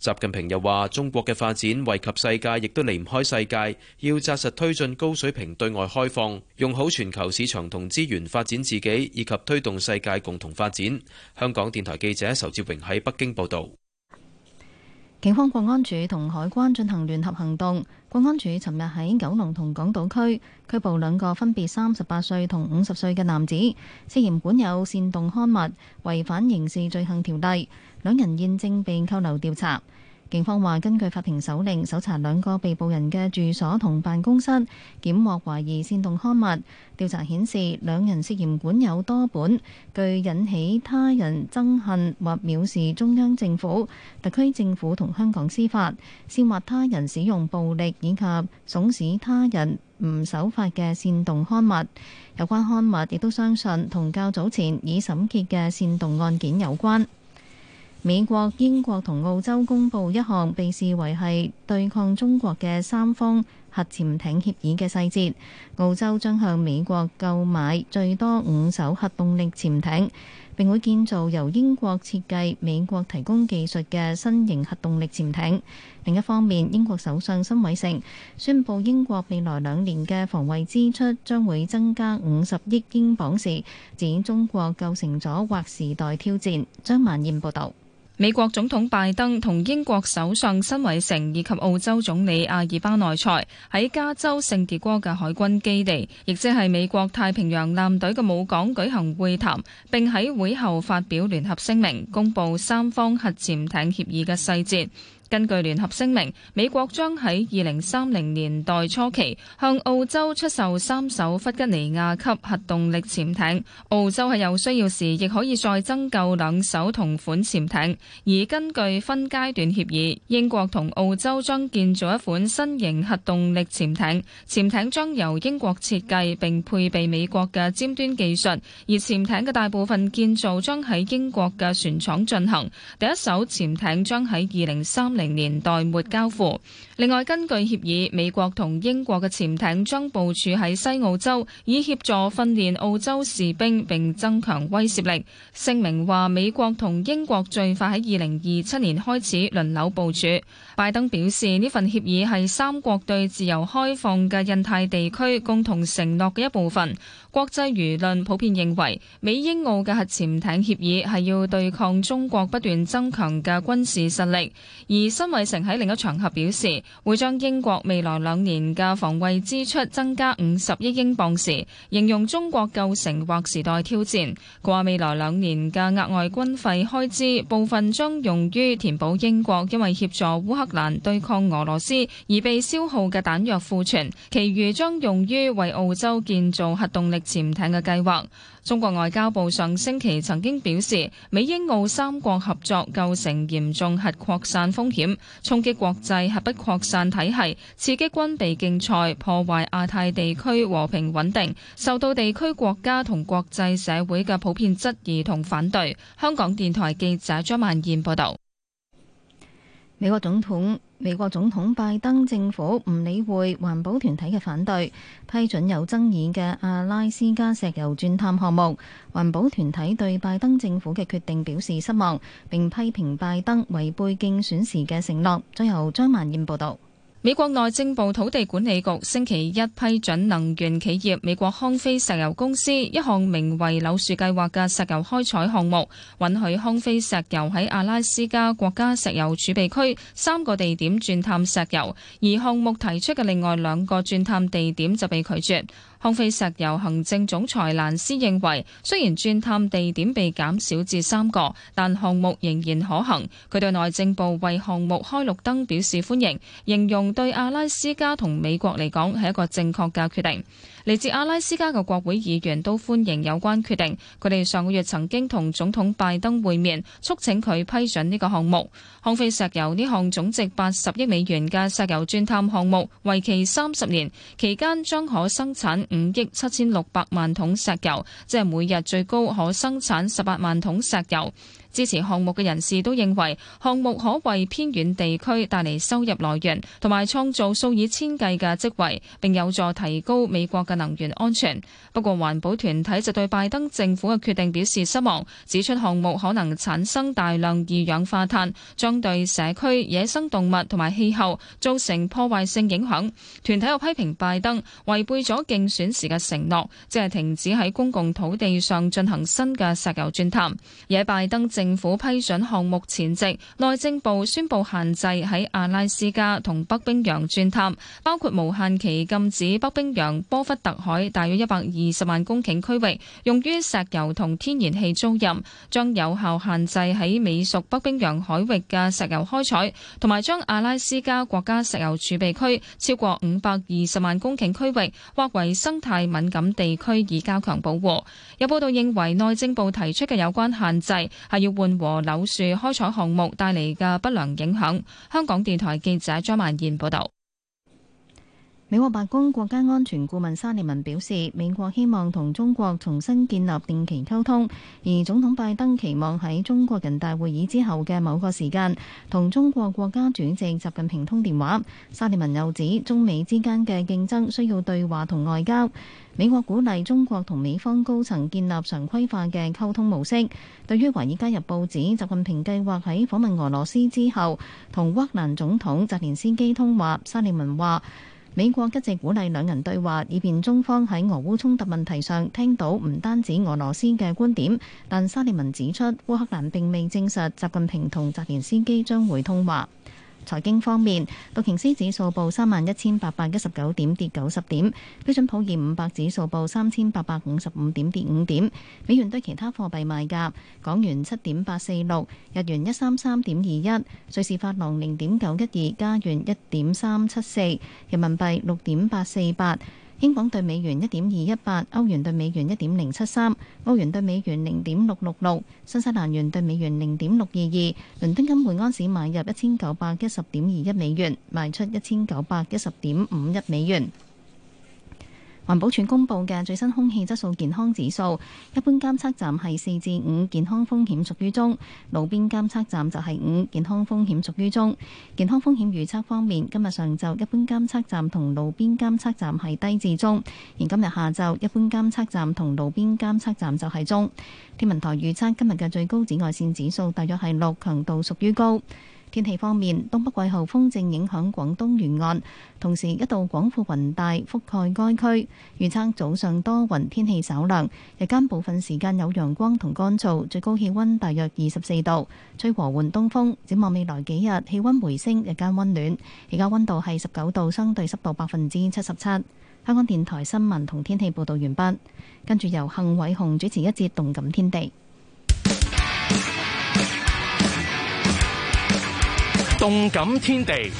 習近平又話：中國嘅發展惠及世界，亦都離唔開世界。要紮實推進高水平對外開放，用好全球市場同資源發展自己，以及推動世界共同發展。香港電台記者仇志榮喺北京報道。
警方國安署同海關進行聯合行動，國安署尋日喺九龍同港島區拘捕兩個分別三十八歲同五十歲嘅男子，涉嫌管有煽動刊物，違反刑事罪行條例，兩人現正被扣留調查。警方話，根據法庭手令，搜查兩個被捕人嘅住所同辦公室，檢獲懷疑煽動刊物。調查顯示，兩人涉嫌管有多本具引起他人憎恨或藐視中央政府、特區政府同香港司法、煽惑他人使用暴力以及慫使他人唔守法嘅煽動刊物。有關刊物亦都相信同較早前已審結嘅煽動案件有關。美國、英國同澳洲公布一項被視為係對抗中國嘅三方核潛艇協議嘅細節。澳洲將向美國購買最多五艘核動力潛艇，並會建造由英國設計、美國提供技術嘅新型核動力潛艇。另一方面，英國首相辛偉誠宣布，英國未來兩年嘅防衛支出將會增加五十億英鎊時，指中國構成咗劃時代
挑戰。張萬燕報導。美國總統拜登同英國首相辛偉誠以及澳洲總理阿爾巴內塞喺加州聖迭戈嘅海軍基地，亦即係美國太平洋艦隊嘅母港舉行會談，並喺會後發表聯合聲明，公布三方核潛艇協議嘅細節。根據聯合聲明，美國將喺二零三零年代初期向澳洲出售三艘弗吉尼亞級核動力潛艇。澳洲係有需要時，亦可以再增購兩艘同款潛艇。而根據分階段協議，英國同澳洲將建造一款新型核動力潛艇。潛艇將由英國設計並配備美國嘅尖端技術，而潛艇嘅大部分建造將喺英國嘅船廠進行。第一艘潛艇將喺二零三零年代末交付。 另外，根據協議，美國同英國嘅潛艇將部署喺西澳洲，以協助訓練澳洲士兵並增強威懾力。聲明話，美國同英國最快喺二零二七年開始輪流部署。拜登表示，呢份協議係三國對自由開放嘅印太地區共同承諾嘅一部分。國際輿論普遍認為，美英澳嘅核潛艇協議係要對抗中國不斷增強嘅軍事實力。而辛偉誠喺另一場合表示，會將英國未來兩年嘅防衛支出增加五十億英鎊時，形容中國構成或時代挑戰。佢話未來兩年嘅額外軍費開支，部分將用於填補英國因為協助烏克蘭對抗俄羅斯而被消耗嘅彈藥庫存，其餘將用於為澳洲建造核動力潛艇嘅計劃。中國外交部上星期曾經表示，美英澳三國合作構成嚴重核擴散風險，衝擊國際核不擴散體系，刺激軍備競賽，破壞亞太地區和平穩定，受到地區國家同國際社會嘅普遍質疑同反對。香港電台記者張萬燕報導。美國總統
美國總統拜登政府唔理會環保團體嘅反對，批准有爭議嘅阿拉斯加石油鑽探項目。環保團體對拜登政府嘅決定表示失望，並批評拜登違背競選時嘅承諾。最後由張
萬燕報道。美國內政部土地管理局星期一批准能源企業美國康菲石油公司一項名為柳樹計劃嘅石油開採項目，允許康菲石油喺阿拉斯加國家石油儲備區三個地點鑽探石油，而項目提出嘅另外兩個鑽探地點就被拒絕。康菲石油行政總裁蘭斯認為，雖然鑽探地點被減少至三個，但項目仍然可行。佢對內政部為項目開綠燈表示歡迎，形容對阿拉斯加同美國嚟講係一個正確嘅決定。嚟自阿拉斯加嘅國會議員都歡迎有關決定，佢哋上個月曾經同總統拜登會面，促請佢批准呢個項目。康菲石油呢項總值八十億美元嘅石油鑽探項目，為期三十年，期間將可生產五億七千六百萬桶石油，即係每日最高可生產十八萬桶石油。支持項目嘅人士都認為項目可為偏遠地區帶嚟收入來源，同埋創造數以千計嘅職位，並有助提高美國嘅能源安全。不過環保團體就對拜登政府嘅決定表示失望，指出項目可能產生大量二氧化碳，將對社區野生動物同埋氣候造成破壞性影響。團體又批評拜登違背咗競選時嘅承諾，即係停止喺公共土地上進行新嘅石油鑽探，而喺拜登。政府批准項目前夕，內政部宣布限制喺阿拉斯加同北冰洋鑽探，包括無限期禁止北冰洋波弗特海大約一百二十萬公頃區域用於石油同天然氣租賃，將有效限制喺美屬北冰洋海域嘅石油開採，同埋將阿拉斯加國家石油儲備區超過五百二十萬公頃區域劃為生態敏感地區，以加強保護。有報道認為，內政部提出嘅有關限制係要。緩和柳樹開採項目帶嚟嘅不良影響。香港電台記者張曼燕報道。
美國白宮國家安全顧問沙利文表示，美國希望同中國重新建立定期溝通，而總統拜登期望喺中國人大會議之後嘅某個時間同中國國家主席習近平通電話。沙利文又指，中美之間嘅競爭需要對話同外交。美國鼓勵中國同美方高層建立常規化嘅溝通模式。對於華爾街日報指，習近平計劃喺訪問俄羅斯之後同烏克蘭總統澤連斯基通話。沙利文話。美國一直鼓勵兩人對話，以便中方喺俄烏衝突問題上聽到唔單止俄羅斯嘅觀點。但沙利文指出，烏克蘭並未證實習近平同澤連斯基將會通話。財經方面，道瓊斯指數報三萬一千八百一十九點，跌九十點；標準普爾五百指數報三千八百五十五點，跌五點。美元對其他貨幣賣價：港元七點八四六，日元一三三點二一，瑞士法郎零點九一二，加元一點三七四，人民幣六點八四八。英鎊兌美元一點二一八，歐元兌美元一點零七三，澳元兌美元零點六六六，新西蘭元兌美元零點六二二。倫敦金每安士買入一千九百一十點二一美元，賣出一千九百一十點五一美元。環保署公布嘅最新空氣質素健康指數，一般監測站係四至五，健康風險屬於中；路邊監測站就係五，健康風險屬於中。健康風險預測方面，今日上晝一般監測站同路邊監測站係低至中，而今日下晝一般監測站同路邊監測站就係中。天文台預測今日嘅最高紫外綫指數大約係六，強度屬於高。天氣方面，東北季候風正影響廣東沿岸，同時一道廣闊雲帶覆蓋該區。預測早上多雲天氣稍涼，日間部分時間有陽光同乾燥，最高氣温大約二十四度，吹和緩東風。展望未來幾日，氣温回升，日間温暖。而家温度係十九度，相對濕度百分之七十七。香港電台新聞同天氣報道完畢，跟住由幸偉雄主持一節《動感天地》。
動感天地，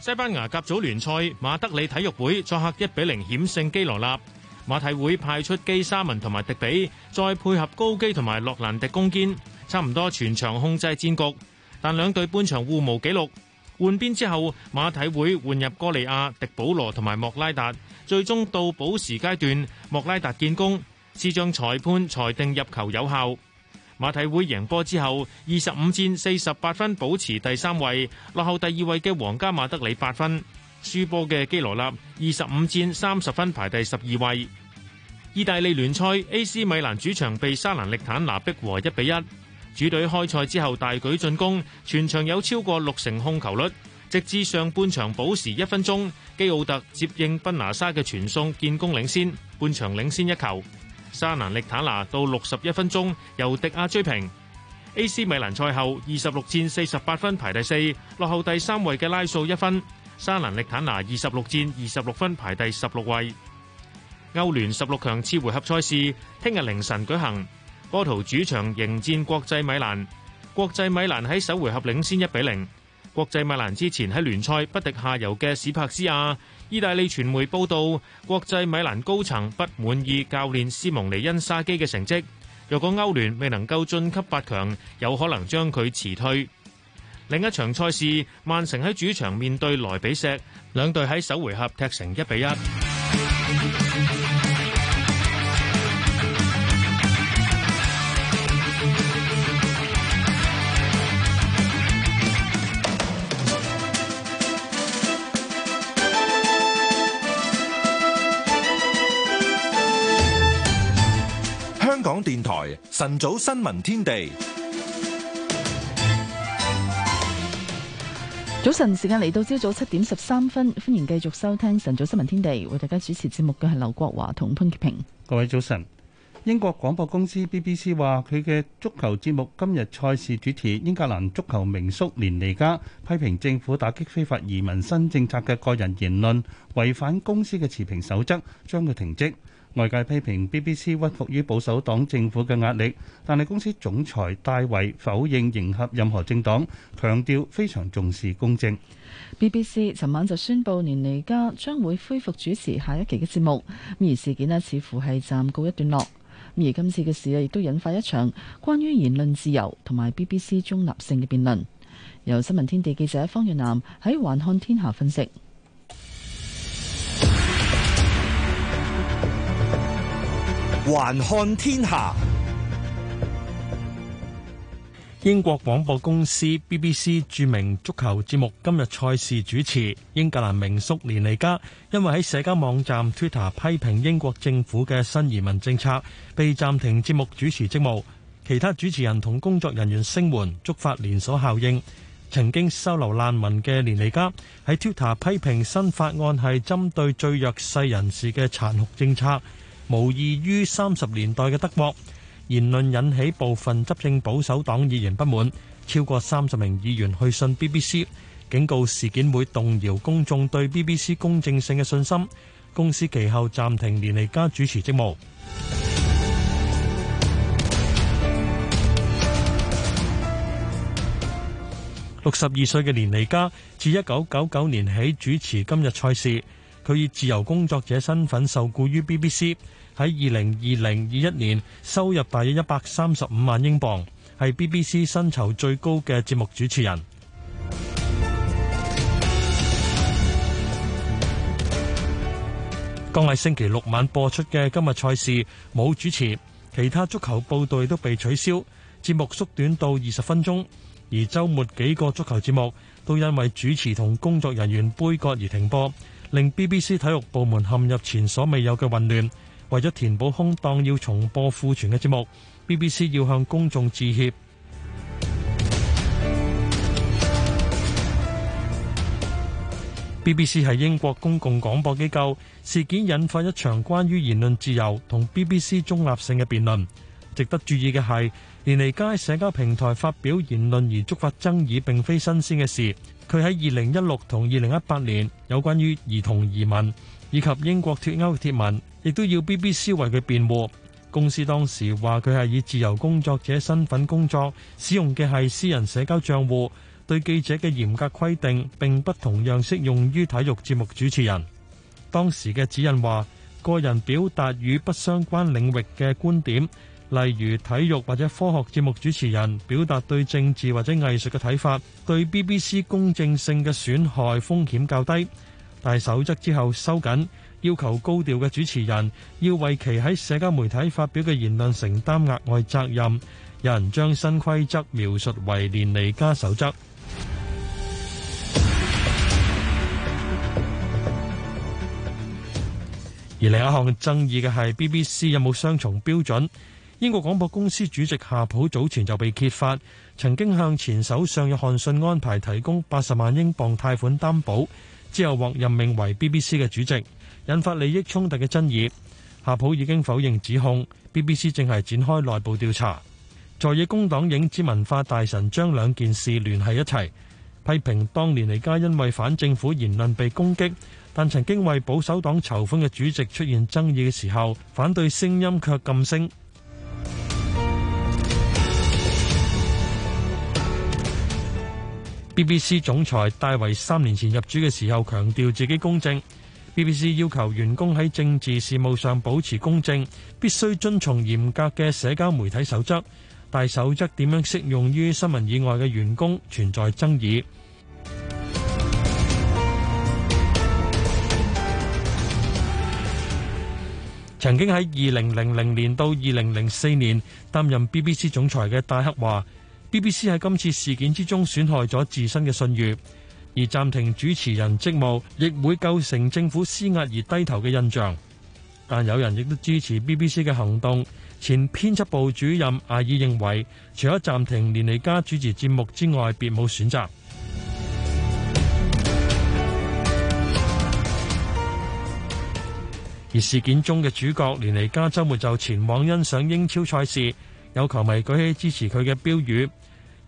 西班牙甲組聯賽，馬德里體育會作客一比零險勝基羅納。馬體會派出基沙文同埋迪比，再配合高基同埋洛蘭迪攻堅，差唔多全場控制戰局。但兩隊半場互無紀錄。換邊之後，馬體會換入哥利亞、迪保羅同埋莫拉達。最終到補時階段，莫拉達建功，視像裁判裁定入球有效。馬體會贏波之後，二十五戰四十八分保持第三位，落後第二位嘅皇家馬德里八分。輸波嘅基羅納二十五戰三十分排第十二位。意大利聯賽 A.C. 米蘭主場被沙蘭力坦拿逼和一比一。主隊開賽之後大舉進攻，全場有超過六成控球率，直至上半場補時一分鐘，基奧特接應賓拿沙嘅傳送建功領先，半場領先一球。沙蘭力坦拿到六十一分鐘由迪亞追平。AC 米蘭賽後二十六戰四十八分排第四，落後第三位嘅拉素一分。沙蘭力坦拿二十六戰二十六分排第十六位。歐聯十六強次回合賽事聽日凌晨舉行，波圖主場迎戰國際米蘭。國際米蘭喺首回合領先一比零。0, 國際米蘭之前喺聯賽不敵下游嘅史帕斯亞。意大利傳媒報道，國際米蘭高層不滿意教練斯蒙尼因沙基嘅成績，若果歐聯未能夠晉級八強，有可能將佢辭退。另一場賽事，曼城喺主場面對萊比錫，兩隊喺首回合踢成一比一。
港電台晨早新聞天地，
早晨時間嚟到朝早七點十三分，歡迎繼續收聽晨早新聞天地，為大家主持節目嘅係劉國華同潘潔平。
各位早晨，英國廣播公司 BBC 話佢嘅足球節目今日賽事主持英格蘭足球名宿連尼加批評政府打擊非法移民新政策嘅個人言論違反公司嘅持平守則，將佢停職。外界批評 BBC 屈服於保守黨政府嘅壓力，但係公司總裁戴維否認迎合任何政黨，強調非常重視公正。
BBC 尋晚就宣布，連尼加將會恢復主持下一期嘅節目，而事件咧似乎係暫告一段落。而今次嘅事啊，亦都引發一場關於言論自由同埋 BBC 中立性嘅辯論。由新聞天地記者方若南喺環看天下分析。
還看天下。英國廣播公司 BBC 著名足球節目今日賽事主持英格蘭名宿連尼加，因為喺社交網站 Twitter 批評英國政府嘅新移民政策，被暫停節目主持職務。其他主持人同工作人員聲援觸發連鎖效應。曾經收留難民嘅連尼加喺 Twitter 批評新法案係針對最弱勢人士嘅殘酷政策。無異於三十年代嘅德國言論，引起部分執政保守黨議員不滿，超過三十名議員去信 BBC，警告事件會動搖公眾對 BBC 公正性嘅信心。公司其後暫停連尼加主持職務。六十二歲嘅連尼加，自一九九九年起主持今日賽事。佢以自由工作者身份受雇於 BBC，喺二零二零二一年收入大約一百三十五萬英鎊，係 BBC 薪酬最高嘅節目主持人。剛喺 星期六晚播出嘅今日賽事冇主持，其他足球報道都被取消，節目縮短到二十分鐘。而週末幾個足球節目都因為主持同工作人員杯葛而停播。令 BBC 體育部門陷入前所未有嘅混亂，為咗填補空檔要重播庫存嘅節目，BBC 要向公眾致歉。BBC 係英國公共廣播機構，事件引發一場關於言論自由同 BBC 中立性嘅辯論。值得注意嘅係，連尼佳社交平台發表言論而觸發爭議，並非新鮮嘅事。佢喺二零一六同二零一八年有關於兒童移民以及英國脫歐嘅帖文，亦都要 BBC 為佢辯護。公司當時話佢係以自由工作者身份工作，使用嘅係私人社交帳戶。對記者嘅嚴格規定並不同樣適用於體育節目主持人。當時嘅指引話，個人表達與不相關領域嘅觀點。例如體育或者科學節目主持人表達對政治或者藝術嘅睇法，對 BBC 公正性嘅損害風險較低。但係守則之後收緊，要求高調嘅主持人要為其喺社交媒體發表嘅言論承擔額外責任。有人將新規則描述為連利加守則。而另一項爭議嘅係 BBC 有冇雙重標準。英國廣播公司主席夏普早前就被揭發，曾經向前首相約翰遜安排提供八十萬英鎊貸款擔保，之後獲任命為 BBC 嘅主席，引發利益衝突嘅爭議。夏普已經否認指控，BBC 正係展開內部調查。在野工黨影子文化大臣將兩件事聯繫一齊，批評當年尼加因為反政府言論被攻擊，但曾經為保守黨籌款嘅主席出現爭議嘅時候，反對聲音卻噤聲。BBC 總裁戴維三年前入主嘅時候，強調自己公正。BBC 要求員工喺政治事務上保持公正，必須遵從嚴格嘅社交媒體守則。但守則點樣適用於新聞以外嘅員工，存在爭議。曾經喺2000年到2004年擔任 BBC 總裁嘅戴克話：BBC 喺今次事件之中損害咗自身嘅信譽，而暫停主持人職務亦會構成政府施壓而低頭嘅印象。但有人亦都支持 BBC 嘅行動。前編輯部主任阿爾認為，除咗暫停連尼加主持節目之外，別無選擇。而事件中嘅主角連尼加周末就前往欣賞英超賽事，有球迷舉起支持佢嘅標語。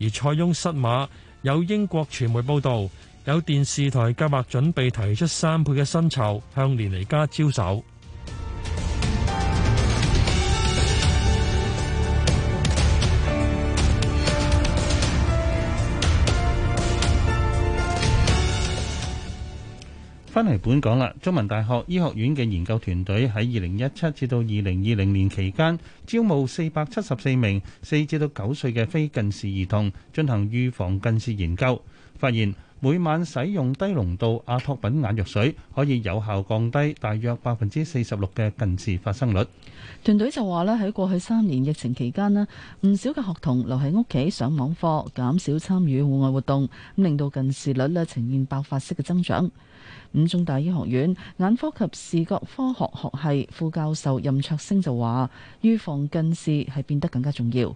而塞翁失馬，有英國傳媒報道，有電視台計劃準備提出三倍嘅薪酬向連尼加招手。
翻嚟本港啦，中文大學醫學院嘅研究團隊喺二零一七至到二零二零年期間招募四百七十四名四至到九歲嘅非近視兒童進行預防近視研究，發現每晚使用低濃度阿托品眼藥水可以有效降低大約百分之四十六嘅近視發生
率。團隊就話呢，喺過去三年疫情期間呢，唔少嘅學童留喺屋企上網課，減少參與戶外活動，咁令到近視率咧呈現爆發式嘅增長。五中大醫學院眼科及視覺科學學系副教授任卓星就話，預防近視係變得更加重要。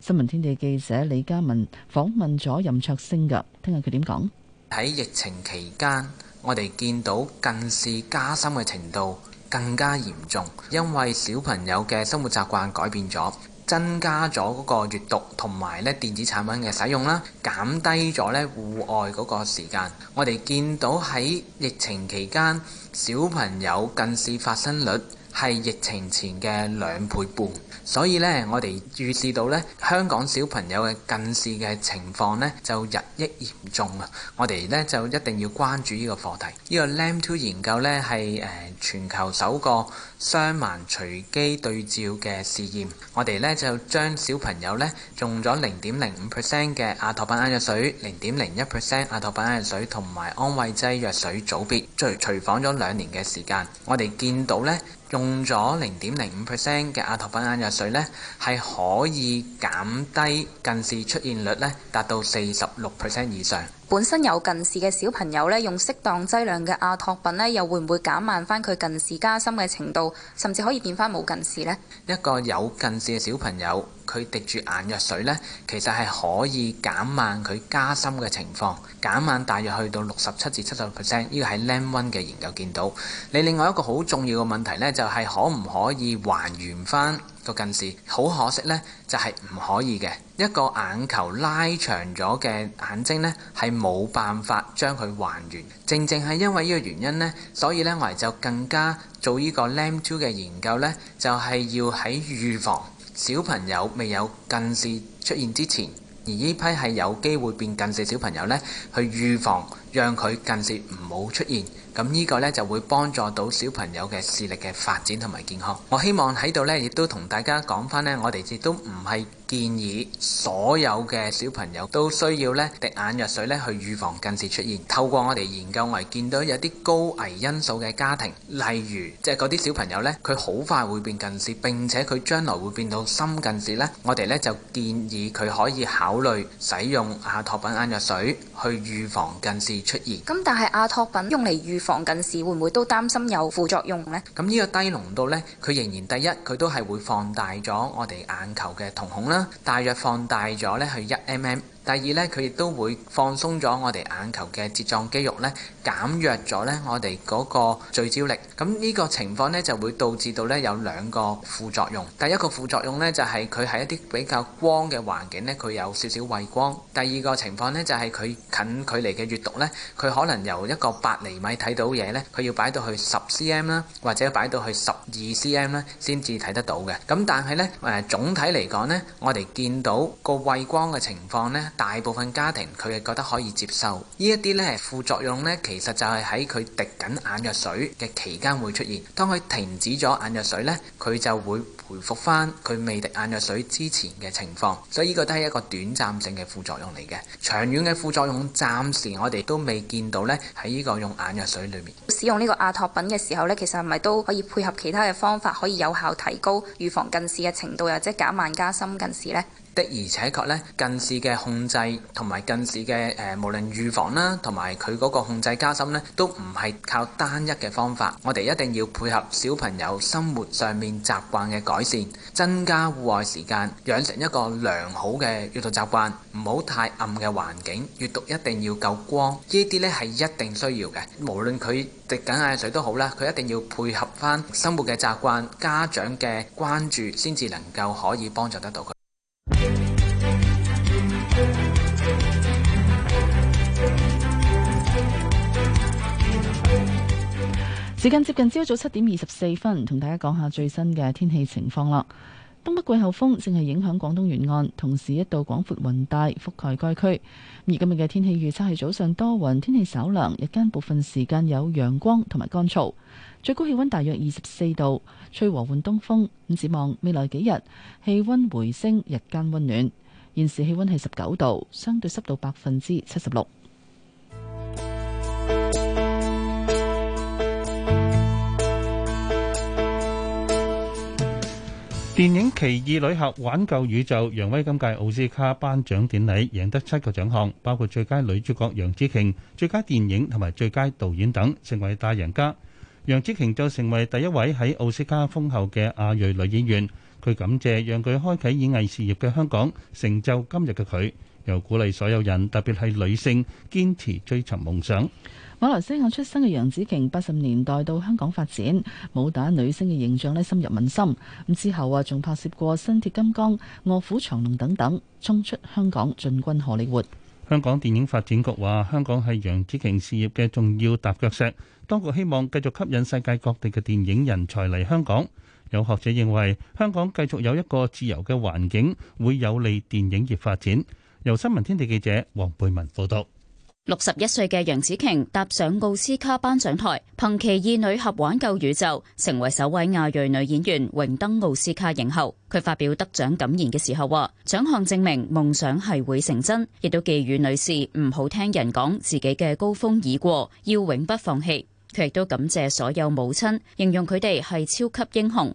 新聞天地記者李家文訪問咗任卓星㗎，聽下佢點講。
喺疫情期間，我哋見到近視加深嘅程度更加嚴重，因為小朋友嘅生活習慣改變咗。增加咗嗰個閱讀同埋咧電子產品嘅使用啦，減低咗咧戶外嗰個時間。我哋見到喺疫情期間，小朋友近視發生率係疫情前嘅兩倍半，所以咧我哋預視到咧香港小朋友嘅近視嘅情況咧就日益嚴重啊！我哋咧就一定要關注呢個課題。呢、這個 Lam Two 研究咧係誒全球首個。雙盲隨機對照嘅試驗，我哋咧就將小朋友咧用咗零點零五 percent 嘅阿托品眼藥水、零點零一 percent 阿托品眼藥水同埋安慰劑藥水組別，即係隨訪咗兩年嘅時間。我哋見到咧用咗零點零五 percent 嘅阿托品眼藥水咧係可以減低近視出現率咧，達到四十六 percent 以上。
本身有近視嘅小朋友咧，用適當劑量嘅阿托品咧，又會唔會減慢翻佢近視加深嘅程度，甚至可以變翻冇近視呢？
一個有近視嘅小朋友，佢滴住眼藥水咧，其實係可以減慢佢加深嘅情況，減慢大約去到六十七至七十 percent，呢個係 Lenone 嘅研究見到。你另外一個好重要嘅問題咧，就係可唔可以還原翻個近視？好可惜咧，就係唔可以嘅。一個眼球拉長咗嘅眼睛呢，係冇辦法將佢還原。正正係因為呢個原因呢，所以呢我哋就更加做呢個 LAM2 嘅研究呢，就係、是、要喺預防小朋友未有近視出現之前，而呢批係有機會變近視小朋友呢，去預防，讓佢近視唔好出現。咁呢個呢，就會幫助到小朋友嘅視力嘅發展同埋健康。我希望喺度呢，亦都同大家講返呢，我哋亦都唔係。建議所有嘅小朋友都需要咧滴眼藥水咧去預防近視出現。透過我哋研究，我哋見到有啲高危因素嘅家庭，例如即係嗰啲小朋友咧，佢好快會變近視，並且佢將來會變到深近視呢。我哋咧就建議佢可以考慮使用阿托品眼藥水去預防近視出現。
咁但係阿托品用嚟預防近視，會唔會都擔心有副作用呢？
咁呢個低濃度呢，佢仍然第一，佢都係會放大咗我哋眼球嘅瞳孔啦。大約放大咗咧，係一 mm。第二咧，佢亦都會放鬆咗我哋眼球嘅睫狀肌肉咧，減弱咗咧我哋嗰個聚焦力。咁呢個情況咧就會導致到咧有兩個副作用。第一個副作用咧就係佢喺一啲比較光嘅環境咧，佢有少少畏光。第二個情況咧就係佢近距離嘅閱讀咧，佢可能由一個八厘米睇到嘢咧，佢要擺到去十 cm 啦，或者擺到去十二 cm 咧先至睇得到嘅。咁但係咧誒總體嚟講咧，我哋見到個畏光嘅情況咧。大部分家庭佢係覺得可以接受呢一啲呢，副作用呢，其實就係喺佢滴緊眼藥水嘅期間會出現。當佢停止咗眼藥水呢，佢就會回復返佢未滴眼藥水之前嘅情況。所以呢個都係一個短暫性嘅副作用嚟嘅。長遠嘅副作用暫時我哋都未見到呢。喺呢個用眼藥水裏面
使用呢個阿托品嘅時候呢，其實係咪都可以配合其他嘅方法，可以有效提高預防近視嘅程度，或者減慢加深近視呢？
的而且確呢，近視嘅控制同埋近視嘅誒，無論預防啦，同埋佢嗰個控制加深呢，都唔係靠單一嘅方法。我哋一定要配合小朋友生活上面習慣嘅改善，增加戶外時間，養成一個良好嘅閱讀習慣，唔好太暗嘅環境，閱讀一定要夠光。呢啲呢係一定需要嘅。無論佢滴緊眼水都好啦，佢一定要配合返生活嘅習慣，家長嘅關注先至能夠可以幫助得到佢。
時間接近朝早七點二十四分，同大家講下最新嘅天氣情況啦。東北季候風正係影響廣東沿岸，同時一度廣闊雲帶覆蓋該區。而今日嘅天氣預測係早上多雲，天氣稍涼，日間部分時間有陽光同埋乾燥，最高氣温大約二十四度，吹和緩東風。咁展望未來幾日，氣温回升，日間溫暖。現時氣温係十九度，相對濕度百分之七十六。
電影《奇異女俠玩救宇宙》，楊威今屆奧斯卡頒獎典禮贏得七個獎項，包括最佳女主角楊紫瓊、最佳電影同埋最佳導演等，成為大贏家。楊紫瓊就成為第一位喺奧斯卡封后嘅亞裔女演員。佢感謝讓佢開啟演藝事業嘅香港，成就今日嘅佢，又鼓勵所有人，特別係女性，堅持追尋夢想。
馬來西亞出生嘅楊紫瓊，八十年代到香港發展，武打女星嘅形象咧深入民心。咁之後啊，仲拍攝過《新鐵金剛》《臥虎藏龍》、等等，沖出香港進軍荷里活。
香港電影發展局話，香港係楊紫瓊事業嘅重要踏腳石，當局希望繼續吸引世界各地嘅電影人才嚟香港。有學者認為，香港繼續有一個自由嘅環境，會有利電影業發展。由新聞天地記者黃貝文報道。
六十一歲嘅楊紫瓊踏上奧斯卡頒獎台，憑《奇異女俠》挽救宇宙，成為首位亞裔女演員榮登奧斯卡影后。佢發表得獎感言嘅時候話：獎項證明夢想係會成真，亦都寄語女士唔好聽人講自己嘅高峰已過，要永不放棄。佢亦都感謝所有母親，形容佢哋係超級英雄。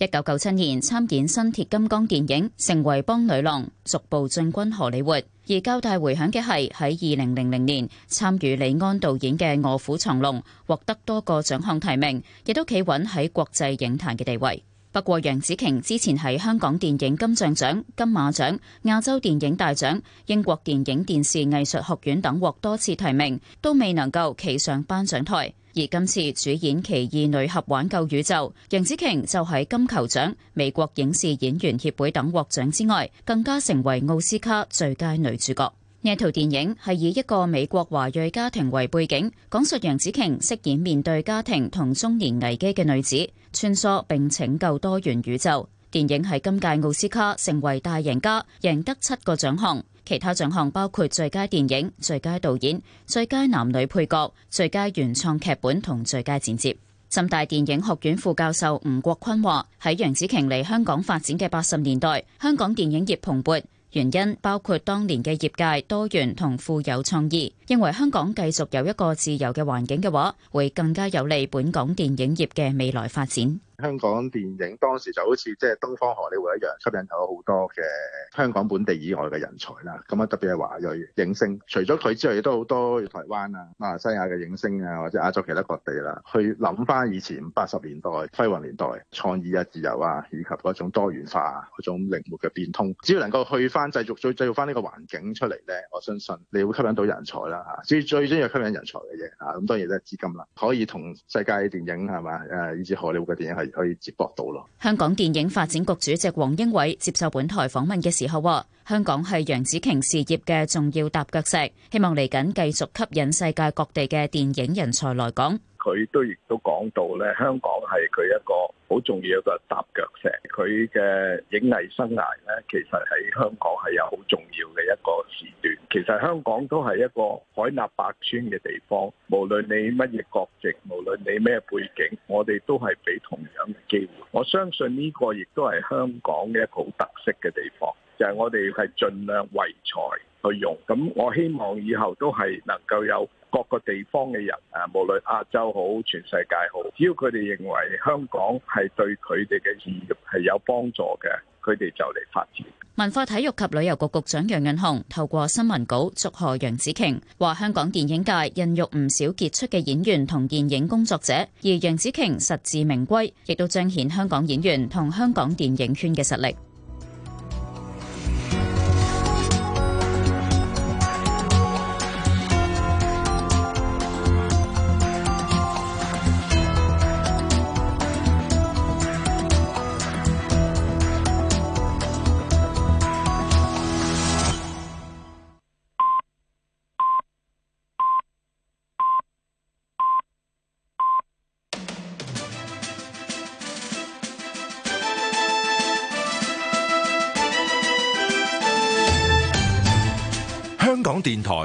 一九九七年參演新鐵金剛電影，成為邦女郎，逐步進軍荷里活。而較大回響嘅係喺二零零零年參與李安導演嘅《臥虎藏龍》，獲得多個獎項提名，亦都企穩喺國際影壇嘅地位。不過楊紫瓊之前喺香港電影金像獎、金馬獎、亞洲電影大獎、英國電影電視藝術學院等獲多次提名，都未能夠企上頒獎台。而今次主演《奇異女俠挽救宇宙》，楊紫瓊就喺金球獎、美國影視演員協會等獲獎之外，更加成為奧斯卡最佳女主角。呢套電影係以一個美國華裔家庭為背景，講述楊紫瓊飾演面對家庭同中年危機嘅女子，穿梭並拯救多元宇宙。電影喺今屆奧斯卡成為大贏家，贏得七個獎項。其他獎項包括最佳電影、最佳導演、最佳男女配角、最佳原創劇本同最佳剪接。浸大電影學院副教授吳國坤話：喺楊紫瓊嚟香港發展嘅八十年代，香港電影業蓬勃，原因包括當年嘅業界多元同富有創意。認為香港繼續有一個自由嘅環境嘅話，會更加有利本港電影業嘅未來發展。
香港電影當時就好似即係東方荷里活一樣，吸引咗好多嘅香港本地以外嘅人才啦。咁啊，特別係華裔影星，除咗佢之外，亦都好多台灣啊、馬來西亞嘅影星啊，或者亞洲其他各地啦，去諗翻以前八十年代輝煌年代創意啊、自由啊，以及嗰種多元化、嗰種靈活嘅變通。只要能夠去翻製造、再製造翻呢個環境出嚟咧，我相信你會吸引到人才啦。最最緊要吸引人才嘅嘢啊！咁當然都係資金啦，可以同世界嘅電影係嘛，誒，以致荷里活嘅電影係可以接駁到咯。
香港電影發展局主席王英偉接受本台訪問嘅時候話，香港係楊紫瓊事業嘅重要踏腳石，希望嚟緊繼續吸引世界各地嘅電影人才來港。
佢都亦都講到咧，香港係佢一個好重要一個踏腳石。佢嘅影藝生涯咧，其實喺香港係有好重要嘅一個時段。其實香港都係一個海納百川嘅地方，無論你乜嘢國籍，無論你咩背景，我哋都係俾同樣嘅機會。我相信呢個亦都係香港嘅一個好特色嘅地方，就係、是、我哋係盡量為才去用。咁我希望以後都係能夠有。各個地方嘅人啊，無論亞洲好，全世界好，只要佢哋認為香港係對佢哋嘅利益係有幫助嘅，佢哋就嚟發
展。文化體育及旅遊局局長楊潤雄透過新聞稿祝賀楊紫瓊，話香港電影界孕育唔少傑出嘅演員同電影工作者，而楊紫瓊實至名歸，亦都彰顯香港演員同香港電影圈嘅實力。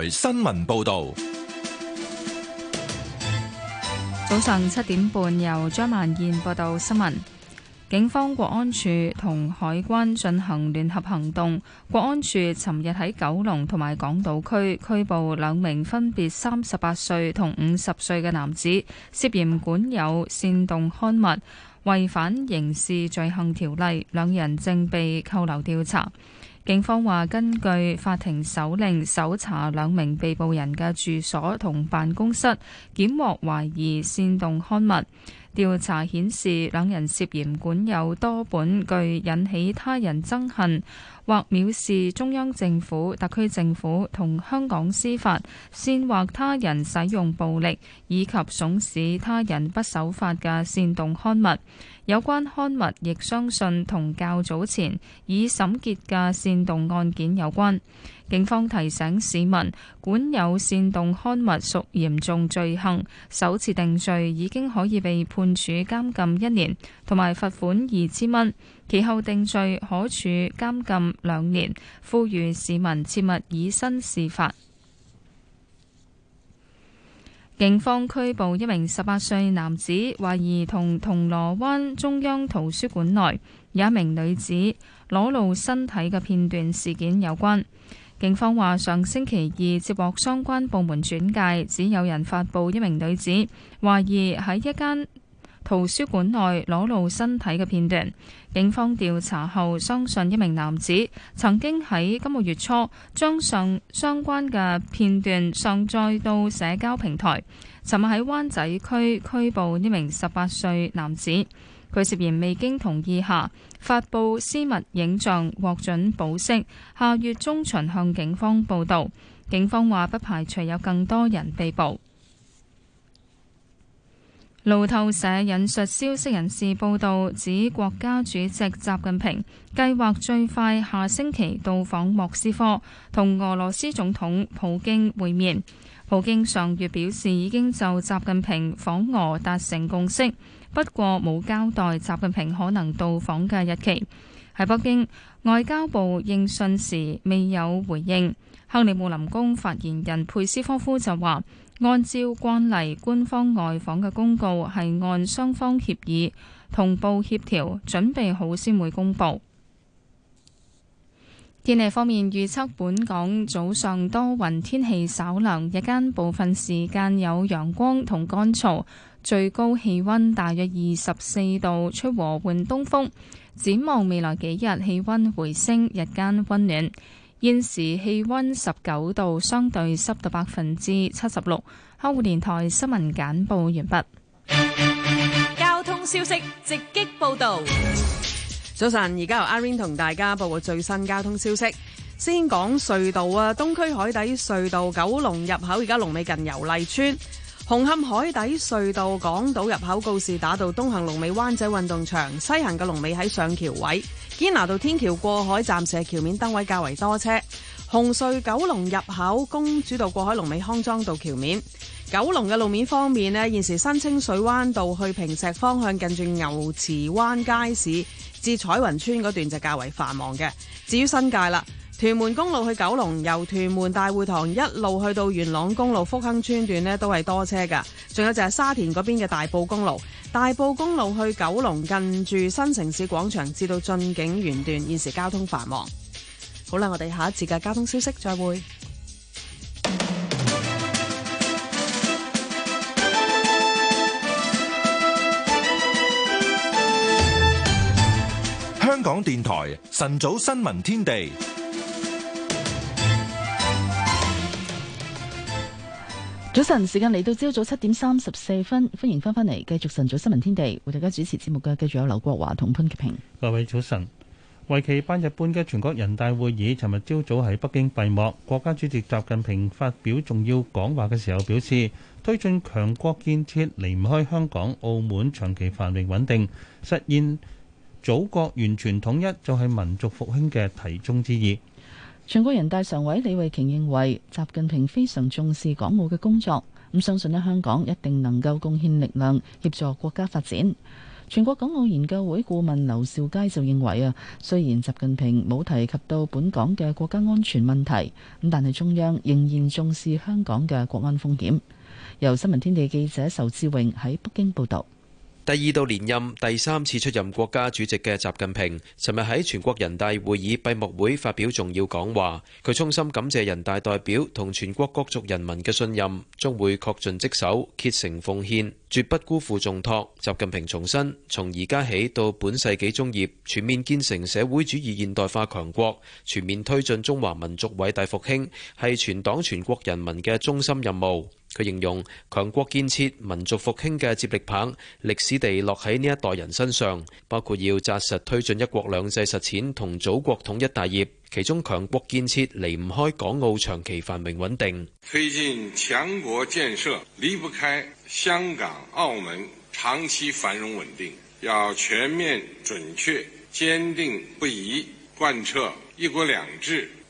新聞報道。
早上七點半，由張萬燕報道新聞。警方國安處同海關進行聯合行動，國安處尋日喺九龍同埋港島區拘捕兩名分別三十八歲同五十歲嘅男子，涉嫌管有煽動刊物，違反刑事罪行條例，兩人正被扣留調查。警方話，根據法庭手令，搜查兩名被捕人嘅住所同辦公室，檢獲懷疑煽動刊物。調查顯示，兩人涉嫌管有多本具引起他人憎恨或藐視中央政府、特區政府同香港司法、煽惑他人使用暴力以及慫使他人不守法嘅煽動刊物。有關刊物亦相信同較早前已審結嘅煽動案件有關。警方提醒市民，管有煽動刊物屬嚴重罪行，首次定罪已經可以被判處監禁一年，同埋罰款二千蚊。其後定罪可處監禁兩年。呼籲市民切勿以身試法。警方拘捕一名十八歲男子，懷疑同銅鑼灣中央圖書館內有一名女子裸露身體嘅片段事件有關。警方話：上星期二接獲相關部門轉介，指有人發佈一名女子懷疑喺一間圖書館內裸露身體嘅片段。警方調查後相信一名男子曾經喺今個月初將上相關嘅片段上載到社交平台。尋日喺灣仔區拘捕呢名十八歲男子。佢涉嫌未經同意下發布私密影像，獲准保釋。下月中旬向警方報到。警方話不排除有更多人被捕。路透社引述消息人士報道，指國家主席習近平計劃最快下星期到訪莫斯科，同俄羅斯總統普京會面。普京上月表示已經就習近平訪俄達成共識。不過冇交代習近平可能到訪嘅日期。喺北京，外交部應訊時未有回應。克里姆林宮發言人佩斯科夫就話：按照慣例，官方外訪嘅公告係按雙方協議同步協調準備好先會公佈。天氣方面預測，本港早上多雲，天氣稍涼，日間部分時間有陽光同乾燥。最高氣温大約二十四度，吹和換東風。展望未來幾日氣温回升，日間温暖。現時氣温十九度，相對濕度百分之七十六。香港電台新聞簡報完畢。交
通消息直擊報道。
早晨，而家由 Irene 同大家報告
最新交通消息。先講隧道啊，東區海底隧道九龍入口，而家龍尾近油麗村。紅磡海底隧道港島入口，告士打道東行龍尾灣仔運動場，西行嘅龍尾喺上橋位。堅拿道天橋過海站石橋面燈位較為多車。紅隧九龍入口，公主道過海龍尾康莊道橋面。九龍嘅路面方面咧，現時新清水灣道去坪石方向近住牛池灣街市至彩雲村嗰段就較為繁忙嘅。至於新界啦。屯門公路去九龍，由屯門大會堂一路去到元朗公路福亨村段咧，都係多車㗎。仲有就係沙田嗰邊嘅大埔公路，大埔公路去九龍近住新城市廣場至到駿景園段，現時交通繁忙。好啦，我哋下一次嘅交通消息再會。
香港電台晨早新聞天地。
早晨，時間嚟到朝早七點三十四分，歡迎翻返嚟，繼續晨早新聞天地，為大家主持節目嘅繼續有劉國華同潘潔平。
各位早晨，為期八日半嘅全國人大會議尋日朝早喺北京閉幕，國家主席習近平發表重要講話嘅時候表示，推進強國建設離唔開香港、澳門長期繁榮穩定，實現祖國完全統一就係民族復興嘅
題中之義。全國人大常委李慧瓊認為，習近平非常重視港澳嘅工作，咁相信咧香港一定能夠貢獻力量協助國家發展。全國港澳研究會顧問劉兆佳就認為啊，雖然習近平冇提及到本港嘅國家安全問題，咁但係中央仍然重視香港嘅國安風險。由新聞天地記者仇志榮喺北京報道。
第二度連任第三次出任國家主席嘅習近平，尋日喺全國人大會議閉幕會發表重要講話，佢衷心感謝人大代表同全國各族人民嘅信任，將會恪盡職守、竭誠奉獻，絕不辜負重託。習近平重申，從而家起到本世紀中葉，全面建成社會主義現代化強國，全面推進中華民族偉大復興，係全黨全國人民嘅中心任務。佢形容強國建設、民族復興嘅接力棒，歷史地落喺呢一代人身上，包括要扎實推進一國兩制實踐同祖國統一大業，其中強國建設離唔開港澳長期繁榮穩定。
推進強國建設離不開香港、澳門長期繁榮穩定，要全面、準確、堅定不移貫徹一國兩制。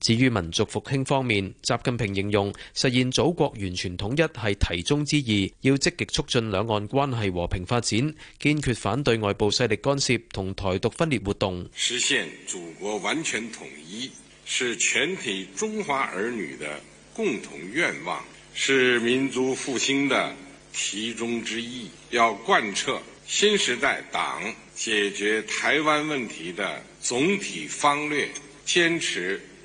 至於民族復興方面，習近平形容實現祖國完全統一係題中之義，要積極促進兩岸關係和平發展，堅決反對外部勢力干涉同台獨分裂活動。
實現祖國完全統一是全體中華兒女的共同願望，是民族復興的題中之義。要貫徹新時代黨解決台灣問題的總體方略，堅持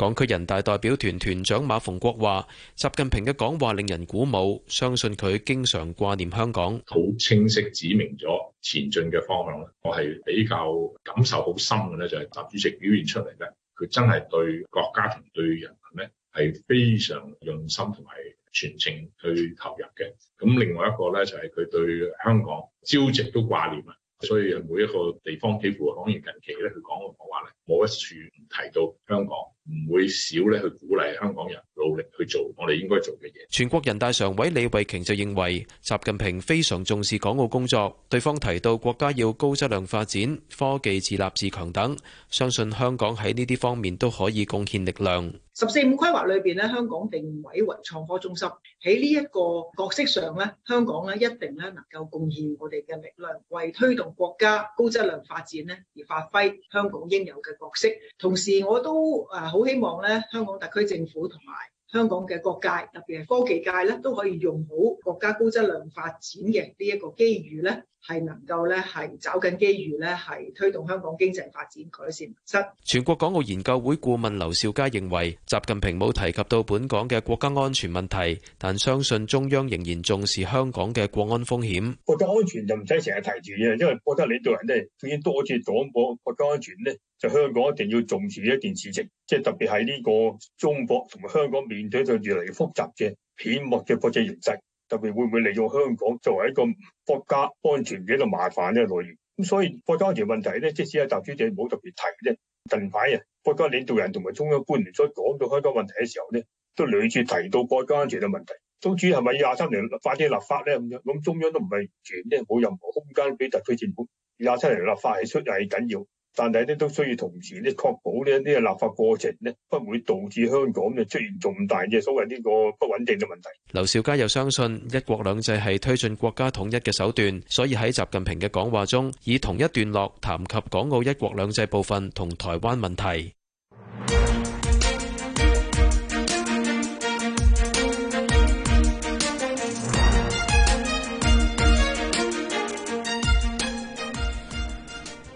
港區人大代表團團長馬逢國話：習近平嘅講話令人鼓舞，相信佢經常掛念香港。
好清晰指明咗前進嘅方向。我係比較感受好深嘅咧，就係習主席表現出嚟咧，佢真係對國家同對人民咧係非常用心同埋全程去投入嘅。咁另外一個咧就係佢對香港朝夕都掛念啊。所以每一個地方幾乎，當然近期咧，佢講嘅講話咧，冇一處唔提到香港。唔會少咧去鼓勵香港人努力去做我哋應該做嘅嘢。全
國人大常委李慧瓊就認為，習近平非常重視港澳工作。對方提到國家要高質量發展、科技自立自強等，相信香港喺呢啲方面都可以貢獻力量。
十四五規劃裏邊咧，香港定位為創科中心，喺呢一個角色上咧，香港咧一定咧能夠貢獻我哋嘅力量，為推動國家高質量發展咧而發揮香港應有嘅角色。同時，我都誒好。好希望咧，香港特區政府同埋香港嘅各界，特別係科技界咧，都可以用好國家高質量發展嘅呢一個機遇咧，係能夠咧係抓緊機遇咧，係推動香港經濟發展改善民生。
全國港澳研究會顧問劉兆佳認為，習近平冇提及到本港嘅國家安全問題，但相信中央仍然重視香港嘅國安風險。
國家安全就唔使成日提住嘅，因為覺得你對人咧，仲要多次講過國家安全咧。就香港一定要重視呢件事情，即係特別喺呢個中國同埋香港面對一個越嚟越複雜嘅片密嘅國際形勢，特別會唔會利用香港作為一個國家安全嘅一個麻煩咧來？咁所以國家安全問題咧，即使只有習主席冇特別提啫。近排啊，國家領導人同埋中央官員所講到香港問題嘅時候咧，都屢次提到國家安全嘅問題。總之係咪廿三年立法啲立法咧咁樣？咁中央都唔係全咧冇任何空間俾特區政府廿七年立法係出係緊要。但係咧，都需要同時咧確保呢一啲嘅立法過程呢，不會導致香港就出現重大嘅所謂呢個不穩定嘅問題。
劉兆佳又相信一國兩制係推進國家統一嘅手段，所以喺習近平嘅講話中，以同一段落談及港澳一國兩制部分同台灣問題。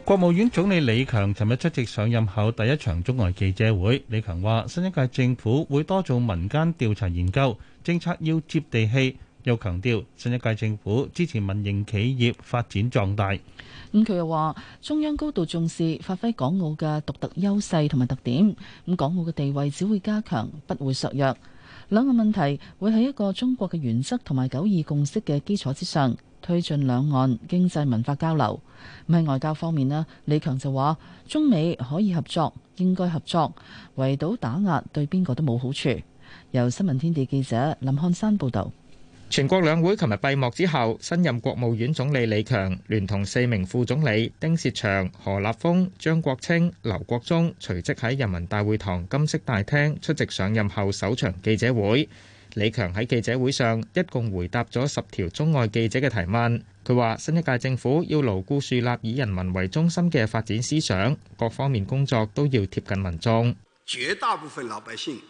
國務院總理李強尋日出席上任後第一場中外記者會。李強話：新一屆政府會多做民間調查研究，政策要接地氣。又強調，新一屆政府支持民營企業發展壯大。
咁佢、嗯、又話，中央高度重視發揮港澳嘅獨特優勢同埋特點。咁港澳嘅地位只會加強，不會削弱。兩個問題會喺一個中國嘅原則同埋九二共識嘅基礎之上。推進兩岸經濟文化交流。喺外交方面咧，李強就話：中美可以合作，應該合作。圍堵打壓對邊個都冇好處。由新聞天地記者林漢山報道。
全國兩會琴日閉幕之後，新任國務院總理李強，聯同四名副總理丁薛祥、何立峰、張國清、劉國中，隨即喺人民大會堂金色大廳出席上任後首場記者會。李強喺記者會上一共回答咗十條中外記者嘅提問。佢話：新一屆政府要牢固樹立以人民為中心嘅發展思想，各方面工作都要貼近民眾。
絕大部分老百姓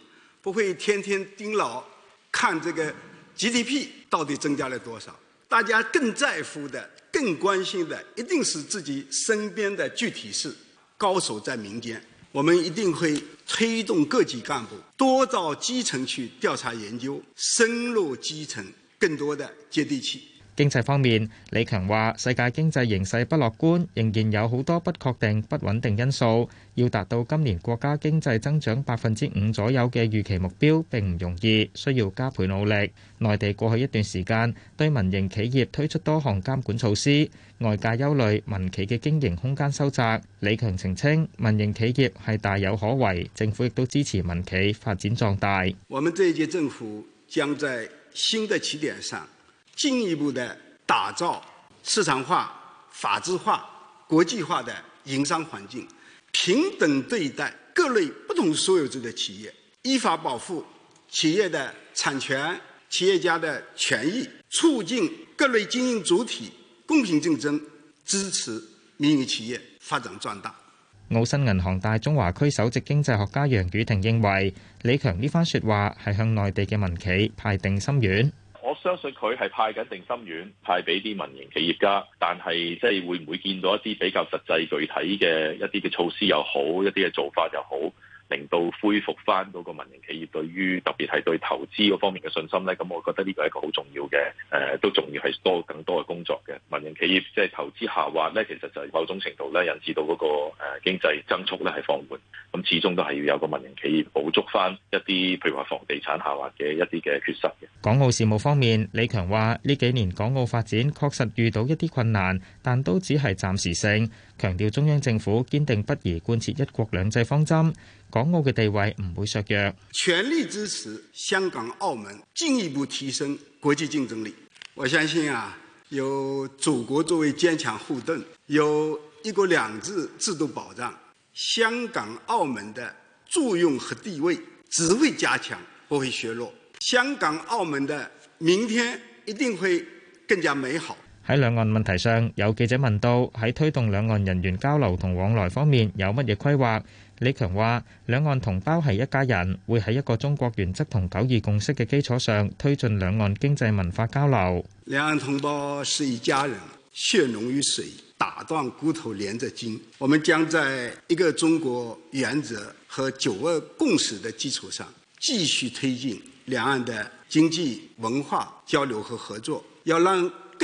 不會天天盯牢看這個 GDP 到底增加了多少，大家更在乎的、更關心的，一定是自己身邊的具體事。高手在民間，我們一定會。推動各級幹部多到基層去調查研究，深入基層，更多的接地氣。
經濟方面，李強話：世界經濟形勢不樂觀，仍然有好多不確定、不穩定因素。要達到今年國家經濟增長百分之五左右嘅預期目標，並唔容易，需要加倍努力。內地過去一段時間對民營企業推出多項監管措施，外界憂慮民企嘅經營空間收窄。李強澄清：民營企業係大有可為，政府亦都支持民企發展壯大。
我們這一屆政府將在新的起點上。進一步的打造市場化、法治化、國際化的營商環境，平等對待各類不同所有制的企業，依法保護企業的產權、企業家的權益，促進各類經營主體公平競爭，支持民營企業發展壯大。
澳新銀行大中華區首席經濟學家楊宇霆認為，李強呢番説話係向內地嘅民企派定心丸。
我相信佢係派緊定心丸，派俾啲民營企業家，但係即係會唔會見到一啲比較實際具體嘅一啲嘅措施又好，一啲嘅做法又好？令到恢復翻嗰個民營企業對於特別係對投資嗰方面嘅信心呢。咁我覺得呢個係一個好重要嘅誒，都重要係多更多嘅工作嘅民營企業。即係投資下滑呢，其實就係某種程度呢，引致到嗰個誒經濟增速咧係放緩。咁始終都係要有個民營企業補足翻一啲，譬如話房地產下滑嘅一啲嘅缺失嘅。
港澳事務方面，李強話：呢幾年港澳發展確實遇到一啲困難，但都只係暫時性。強調中央政府堅定不移貫徹一國兩制方針。港澳嘅地位唔會削弱，
全力支持香港澳門進一步提升國際競爭力。我相信啊，有祖國作為堅強後盾，有一國兩制制度保障，香港澳門的作用和地位只會加強，不會削弱。香港澳門的明天一定會更加美好。
喺兩岸問題上，有記者問到喺推動兩岸人員交流同往來方面有乜嘢規劃？李強話：兩岸同胞係一家人，會喺一個中國原則同九二共識嘅基礎上，推進兩岸經濟文化交流。
兩岸同胞是一家人，血濃於水，打斷骨頭連著筋。我們將在一個中國原則和九二共識的基礎上，繼續推進兩岸的經濟文化交流和合作，要讓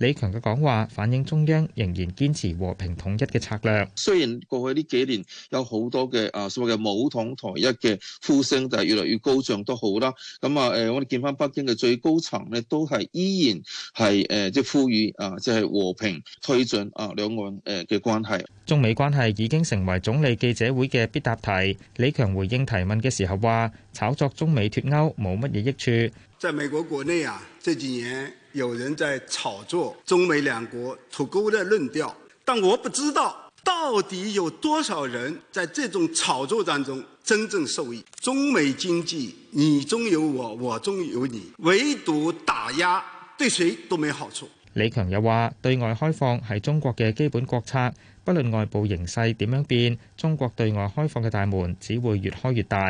李強嘅講話反映中央仍然堅持和平統一嘅策略。
雖然過去呢幾年有好多嘅啊所謂嘅武統台一嘅呼聲，就係越嚟越高漲都好啦。咁啊，誒我
哋見翻北京嘅最高層呢都係依然係誒即係呼籲啊，即係和平推進啊兩岸誒嘅關係。
中美關係已經成為總理記者會嘅必答題。李強回應提問嘅時候話：炒作中美脱鈎冇乜嘢益處。
在美國國內啊，即係件嘢。」有人在炒作中美兩國脫鈎的論調，但我不知道到底有多少人在這種炒作當中真正受益。中美經濟你中有我，我中有你，唯獨打壓對誰都沒好處。
李強又話：對外開放係中國嘅基本國策，不論外部形勢點樣變，中國對外開放嘅大門只會越開越大。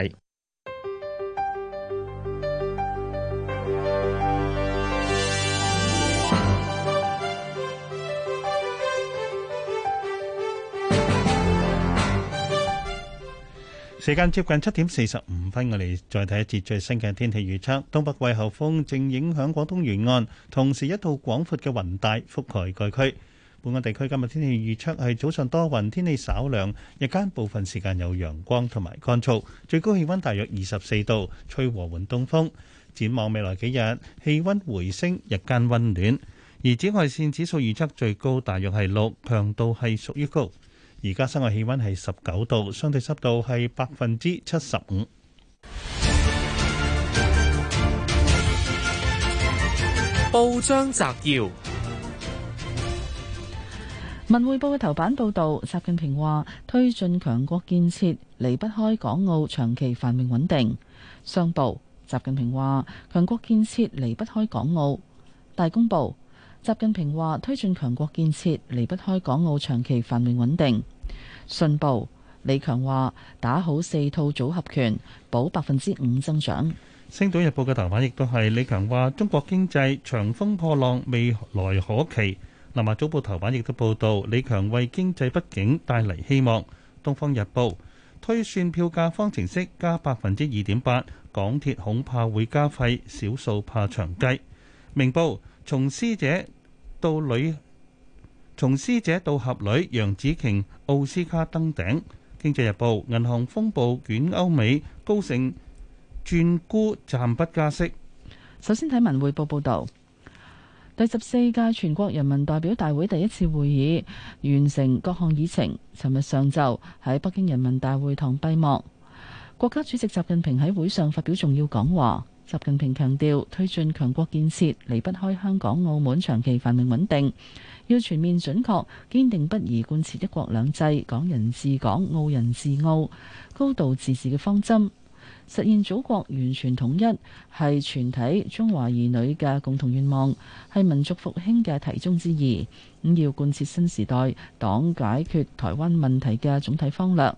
時間接近七點四十五分，我哋再睇一節最新嘅天氣預測。東北季候風正影響廣東沿岸，同時一道廣闊嘅雲帶覆蓋該區。本港地區今日天氣預測係早上多雲，天氣稍涼，日間部分時間有陽光同埋乾燥，最高氣溫大約二十四度，吹和緩東風。展望未來幾日，氣溫回升，日間溫暖，而紫外線指數預測最高大約係六，強度係屬於高。而家室外氣溫係十九度，相對濕度係百分之七十五。報章摘要：
文匯報嘅頭版報導，習近平話推進強國建設離不開港澳長期繁榮穩定。商報：習近平話強國建設離不開港澳。大公報。習近平話推進強國建設離不開港澳長期繁榮穩定。信報李強話打好四套組合拳，保百分之五增長。星島日報嘅頭版亦
都係李強話中國經濟長風破浪，未來可期。南華早報頭版亦都報道李強為經濟不景帶嚟希望。東方日報推算票價方程式加百分之二點八，港鐵恐怕會加費，小數怕長計。明報。從師姐到女，從師姐到俠女，楊紫瓊奧斯卡登頂。經濟日報銀行風暴捲歐美，高盛轉沽暫不加息。
首先睇文匯報報導，第十四屆全國人民代表大會第一次會議完成各項議程，尋日上晝喺北京人民大會堂閉幕。國家主席習近平喺會上發表重要講話。習近平強調，推進強國建設離不開香港、澳門長期繁榮穩定。要全面準確、堅定不移貫徹“一國兩制”、“港人治港”、“澳人治澳”、高度自治嘅方針。實現祖國完全統一係全體中華兒女嘅共同願望，係民族復興嘅題中之義。咁要貫徹新時代黨解決台灣問題嘅總體方略，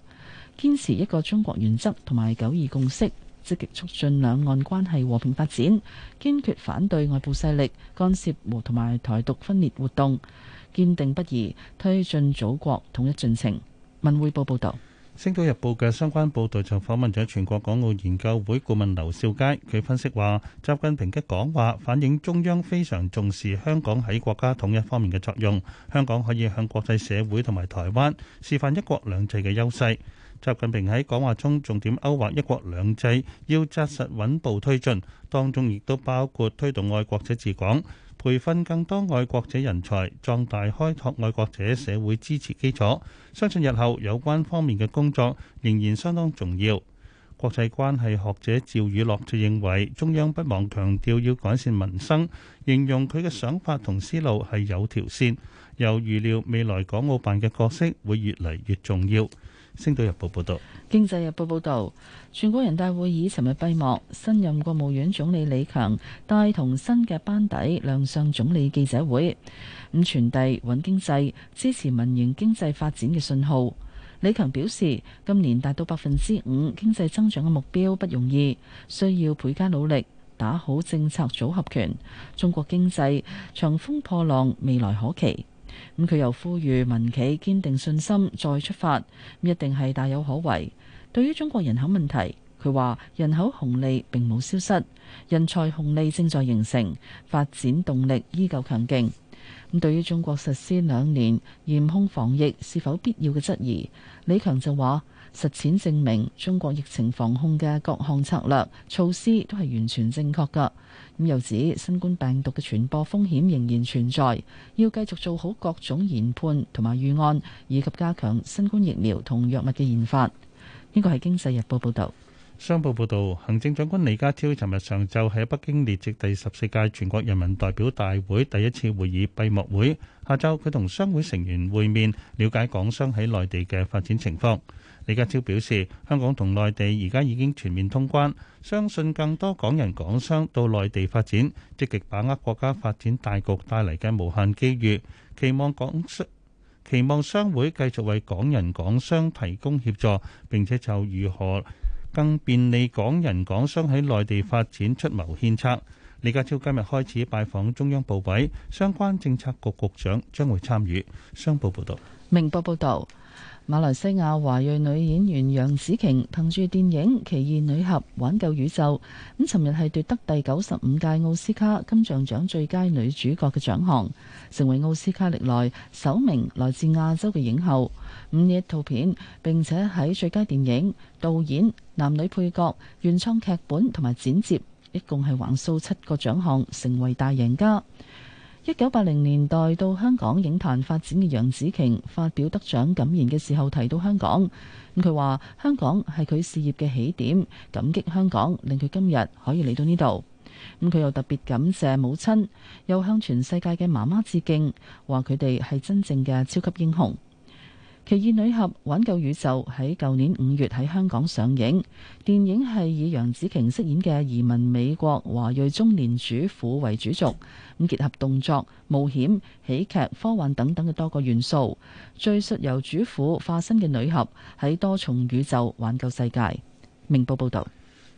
堅持一個中國原則同埋九二共識。積極促進兩岸關係和平發展，堅決反對外部勢力干涉和同埋台獨分裂活動，堅定不移推進祖國統一進程。文匯報報導，《星島日報》
嘅相關報導就訪問咗全國港澳研究會顧問劉少佳，佢分析話：習近平嘅講話反映中央非常重視香港喺國家統一方面嘅作用，香港可以向國際社會同埋台灣示範一國兩制嘅優勢。習近平喺講話中重點勾畫一國兩制要扎實穩步推進，當中亦都包括推動愛國者治港，培訓更多愛國者人才，壯大開拓愛國者社會支持基礎。相信日後有關方面嘅工作仍然相當重要。國際關係學者趙雨樂就認為，中央不忘強調要改善民生，形容佢嘅想法同思路係有條線，又預料未來港澳辦嘅角色會越嚟越重要。星島日報報道，
經濟日報報道，全國人大會議尋日閉幕，新任國務院總理李強帶同新嘅班底亮相總理記者會，咁傳遞穩經濟、支持民營經濟發展嘅信號。李強表示，今年達到百分之五經濟增長嘅目標不容易，需要倍加努力，打好政策組合拳。中國經濟長風破浪，未來可期。咁佢又呼籲民企堅定信心再出發，一定係大有可為。對於中國人口問題，佢話人口紅利並冇消失，人才紅利正在形成，發展動力依舊強勁。咁對於中國實施兩年嚴控防疫是否必要嘅質疑，李強就話實踐證明中國疫情防控嘅各項策略措施都係完全正確噶。咁又指新冠病毒嘅傳播風險仍然存在，要繼續做好各種研判同埋預案，以及加強新冠疫苗同藥物嘅研發。呢個係經濟日報報道。
商報報道，行政長官李家超尋日上晝喺北京列席第十四屆全國人民代表大會第一次會議閉幕會，下晝佢同商會成員會面，了解港商喺內地嘅發展情況。李家超表示，香港同內地而家已經全面通關，相信更多港人港商到內地發展，積極把握國家發展大局帶嚟嘅無限機遇。期望港商期望商會繼續為港人港商提供協助，並且就如何更便利港人港商喺內地發展出謀獻策。李家超今日開始拜訪中央部委，相關政策局局長將會參與。商報報道。
明報報道。馬來西亞華裔女演員楊紫瓊憑住電影《奇異女俠》玩救宇宙，咁尋日係奪得第九十五屆奧斯卡金像獎最佳女主角嘅獎項，成為奧斯卡歷來首名來自亞洲嘅影后。五夜套片，並且喺最佳電影、導演、男女配角、原創劇本同埋剪接，一共係橫掃七個獎項，成為大贏家。一九八零年代到香港影壇發展嘅楊紫瓊，發表得獎感言嘅時候提到香港，咁佢話香港係佢事業嘅起點，感激香港令佢今日可以嚟到呢度。咁佢又特別感謝母親，又向全世界嘅媽媽致敬，話佢哋係真正嘅超級英雄。奇異女俠挽救宇宙喺舊年五月喺香港上映。電影係以楊紫瓊飾演嘅移民美國華裔中年主婦為主軸，咁結合動作、冒險、喜劇、科幻等等嘅多個元素，敘述由主婦化身嘅女俠喺多重宇宙挽救世界。明報報道。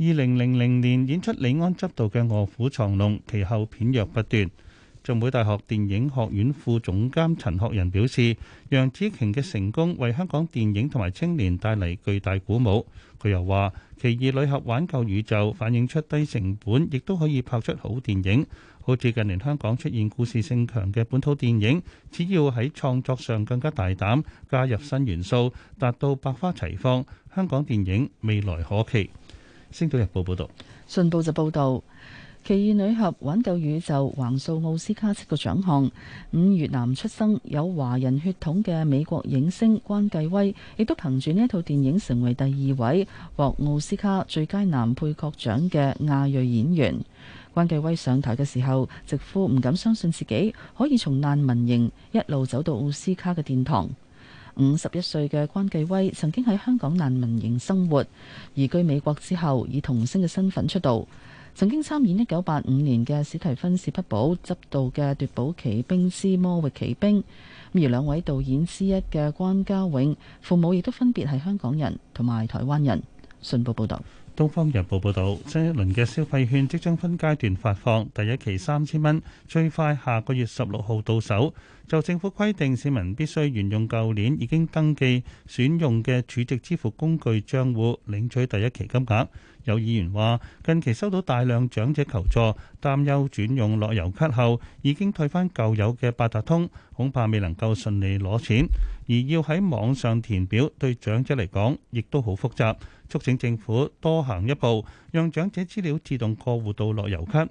二零零零年演出李安執導嘅《臥虎藏龍》，其後片約不斷。浸會大學電影學院副總監陳學仁表示，楊紫瓊嘅成功為香港電影同埋青年帶嚟巨大鼓舞。佢又話，奇異女俠挽救宇宙反映出低成本亦都可以拍出好電影，好似近年香港出現故事性強嘅本土電影，只要喺創作上更加大膽，加入新元素，達到百花齊放，香港電影未來可期。星島日報報道，
信報就報道《奇異女俠》挽救宇宙，橫掃奧斯卡七個獎項。五越南出生有華人血統嘅美國影星關繼威，亦都憑住呢一套電影成為第二位獲奧斯卡最佳男配角獎嘅亞裔演員。關繼威上台嘅時候，直呼唔敢相信自己可以從難民營一路走到奧斯卡嘅殿堂。五十一歲嘅關繼威曾經喺香港難民營生活，移居美國之後以童星嘅身份出道，曾經參演一九八五年嘅史提芬史匹堡執導嘅《奪寶奇兵之魔域奇兵》，而兩位導演之一嘅關家永父母亦都分別係香港人同埋台灣人。信報報道。
《東方日報》報道，新一輪嘅消費券即將分階段發放，第一期三千蚊，最快下個月十六號到手。就政府規定，市民必須沿用舊年已經登記選用嘅儲值支付工具賬戶領取第一期金額。有議員話：近期收到大量長者求助，擔憂轉用樂悠卡後已經退翻舊有嘅八達通，恐怕未能夠順利攞錢，而要喺網上填表，對長者嚟講亦都好複雜。促請政府多行一步，讓長者資料自動過戶到樂悠卡。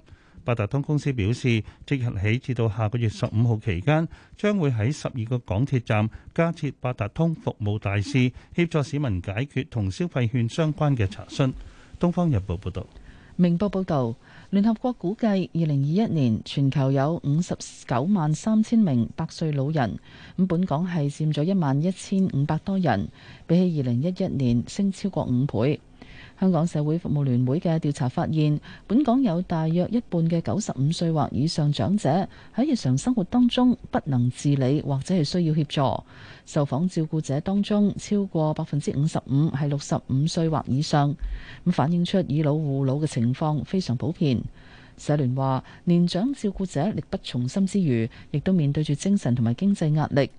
八達通公司表示，即日起至到下個月十五號期間，將會喺十二個港鐵站加設八達通服務大使，協助市民解決同消費券相關嘅查詢。《東方日報》報導，
《明報》報導，聯合國估計二零二一年全球有五十九萬三千名百歲老人，咁本港係佔咗一萬一千五百多人，比起二零一一年升超過五倍。香港社會服務聯會嘅調查發現，本港有大約一半嘅九十五歲或以上長者喺日常生活當中不能自理，或者係需要協助。受訪照顧者當中超過百分之五十五係六十五歲或以上，咁反映出以老護老嘅情況非常普遍。社聯話，年長照顧者力不從心之餘，亦都面對住精神同埋經濟壓力。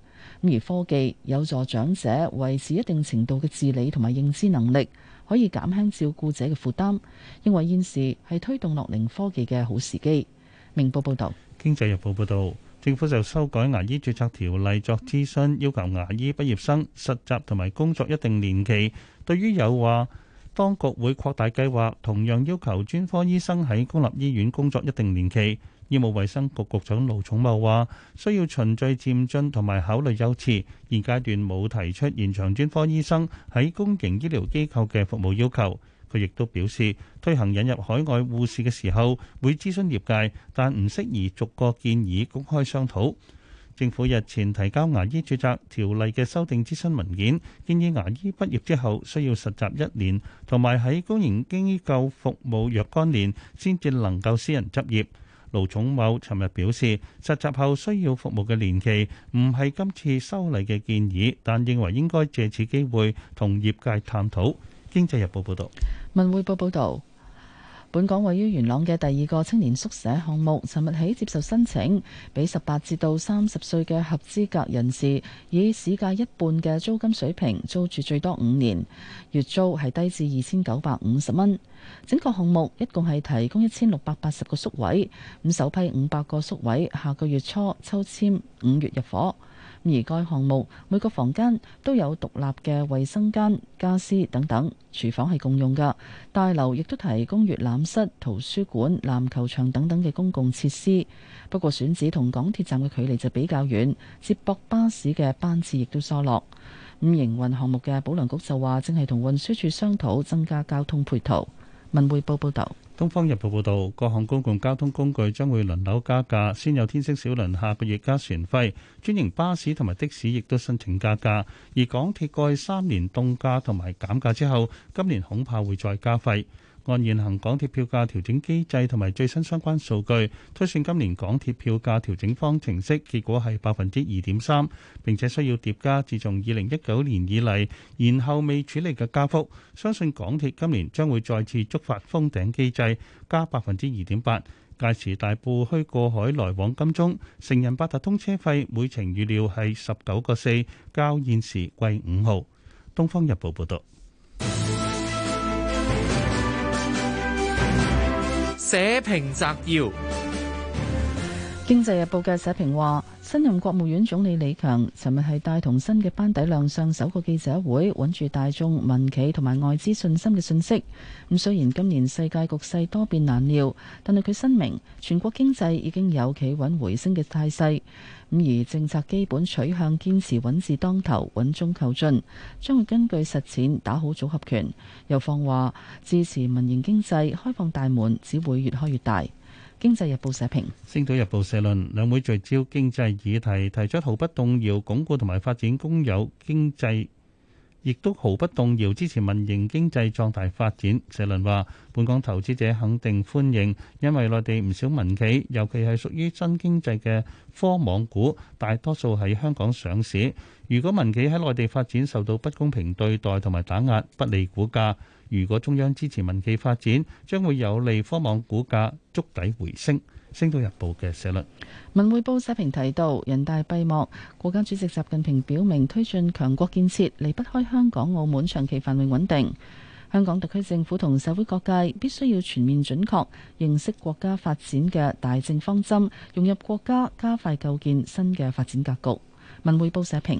咁而科技有助長者維持一定程度嘅自理同埋認知能力，可以減輕照顧者嘅負擔，認為現時係推動樂齡科技嘅好時機。明報報導，
經濟日報報導，政府就修改牙醫註冊條例作諮詢，要求牙醫畢業生實習同埋工作一定年期。對於有話，當局會擴大計劃，同樣要求專科醫生喺公立醫院工作一定年期。醫務衛生局局長盧寵茂話，需要循序漸進，同埋考慮優次。現階段冇提出延長專科醫生喺公營醫療機構嘅服務要求。佢亦都表示，推行引入海外護士嘅時候會諮詢業界，但唔適宜逐個建議公開商討。政府日前提交牙醫註冊條例嘅修訂諮詢文件，建議牙醫畢業之後需要實習一年，同埋喺公營機構服務若干年，先至能夠私人執業。盧寵茂尋日表示，實習後需要服務嘅年期唔係今次修例嘅建議，但認為應該借此機會同業界探討。經濟日報報導，
文匯報報導。本港位於元朗嘅第二個青年宿舍項目，尋日起接受申請，俾十八至到三十歲嘅合資格人士，以市價一半嘅租金水平租住最多五年，月租係低至二千九百五十蚊。整個項目一共係提供一千六百八十個宿位，咁首批五百個宿位下個月初抽簽，五月入伙。而該項目每個房間都有獨立嘅衛生間、家私等等，廚房係共用噶。大樓亦都提供閱覽室、圖書館、籃球場等等嘅公共設施。不過選址同港鐵站嘅距離就比較遠，接駁巴士嘅班次亦都疏落。咁營運項目嘅保良局就話正係同運輸處商討增加交通配套。文匯報報道。《東方
日報》報導，各項公共交通工具將會輪流加價，先有天星小輪下個月加船費，專營巴士同埋的士亦都申請加價，而港鐵過去三年凍價同埋減價之後，今年恐怕會再加費。按現行港鐵票價調整機制同埋最新相關數據推算，今年港鐵票價調整方程式結果係百分之二點三，並且需要疊加自從二零一九年以嚟延後未處理嘅加幅。相信港鐵今年將會再次觸發封頂機制，加百分之二點八。屆時大埔墟過海來往金鐘成人八達通車費每程預料係十九個四，較現時貴五毫，東方日報報道。
社評摘要，
《經濟日報》嘅社評話。新任國務院總理李強尋日係帶同新嘅班底亮相首個記者會，穩住大眾民企同埋外資信心嘅信息。咁雖然今年世界局勢多變難料，但係佢申明，全國經濟已經有企穩回升嘅態勢。咁而政策基本取向堅持穩字當頭、穩中求進，將會根據實踐打好組合拳。又放話，支持民營經濟開放大門，只會越開越大。《經濟日報》社評，
《星島日報》社論，兩會聚焦經濟議題，提出毫不動搖鞏固同埋發展公有經濟，亦都毫不動搖支持民營經濟壯大發展。社論話：本港投資者肯定歡迎，因為內地唔少民企，尤其係屬於新經濟嘅科網股，大多數喺香港上市。如果民企喺內地發展受到不公平對待同埋打壓，不利股價。如果中央支持民企發展，將會有利科網股價觸底回升，星島日報嘅社論。
文匯報社評提到，人大閉幕，國家主席習近平表明，推進強國建設離不開香港、澳門長期繁榮穩定。香港特區政府同社會各界必須要全面準確認識國家發展嘅大政方針，融入國家加快構建新嘅發展格局。文匯報社評。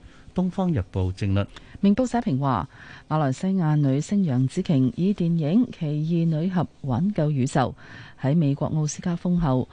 《東方日報》正論明報社評話：馬來西亞女星楊紫瓊以電影《奇異女俠》挽救宇宙喺美國奧斯卡封後，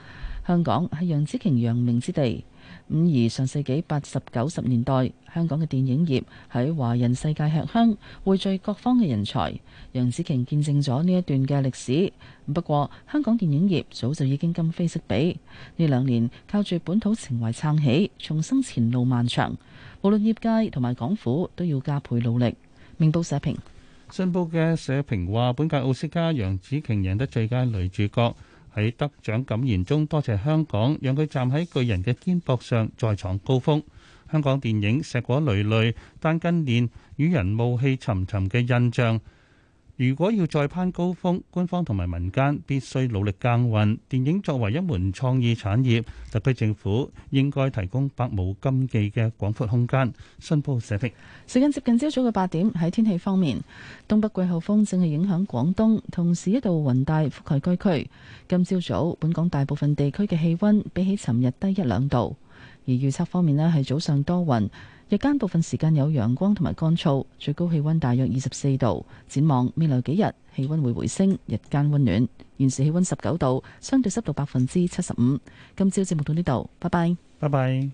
香港係楊紫瓊揚名之地。五而上世紀八十九十年代，香港嘅電影業喺華人世界吃香，匯聚各方嘅人才。楊紫瓊見證咗呢一段嘅歷史。不過，香港電影業早就已經今非昔比，呢兩年靠住本土情懷撐起，重生前路漫長。無論業界同埋港府都要加倍努力。明報社評，信
報嘅社評話：本屆奧斯卡楊紫瓊贏得最佳女主角，喺得獎感言中多謝香港，讓佢站喺巨人嘅肩膊上再創高峰。香港電影碩果累累，但近年與人暮氣沉沉嘅印象。如果要再攀高峰，官方同埋民間必須努力耕耘。電影作為一門創意產業，特區政府應該提供百無禁忌嘅廣闊空間，新報社評。
時間接近朝早嘅八點，喺天氣方面，東北季候風正係影響廣東，同時一道雲帶覆蓋該區，今朝早，早本港大部分地區嘅氣溫比起尋日低一兩度，而預測方面呢，係早上多雲。日間部分時間有陽光同埋乾燥，最高氣溫大約二十四度。展望未來幾日氣溫會回升，日間溫暖。現時氣溫十九度，相對濕度百分之七十五。今朝節目到呢度，拜拜。拜拜。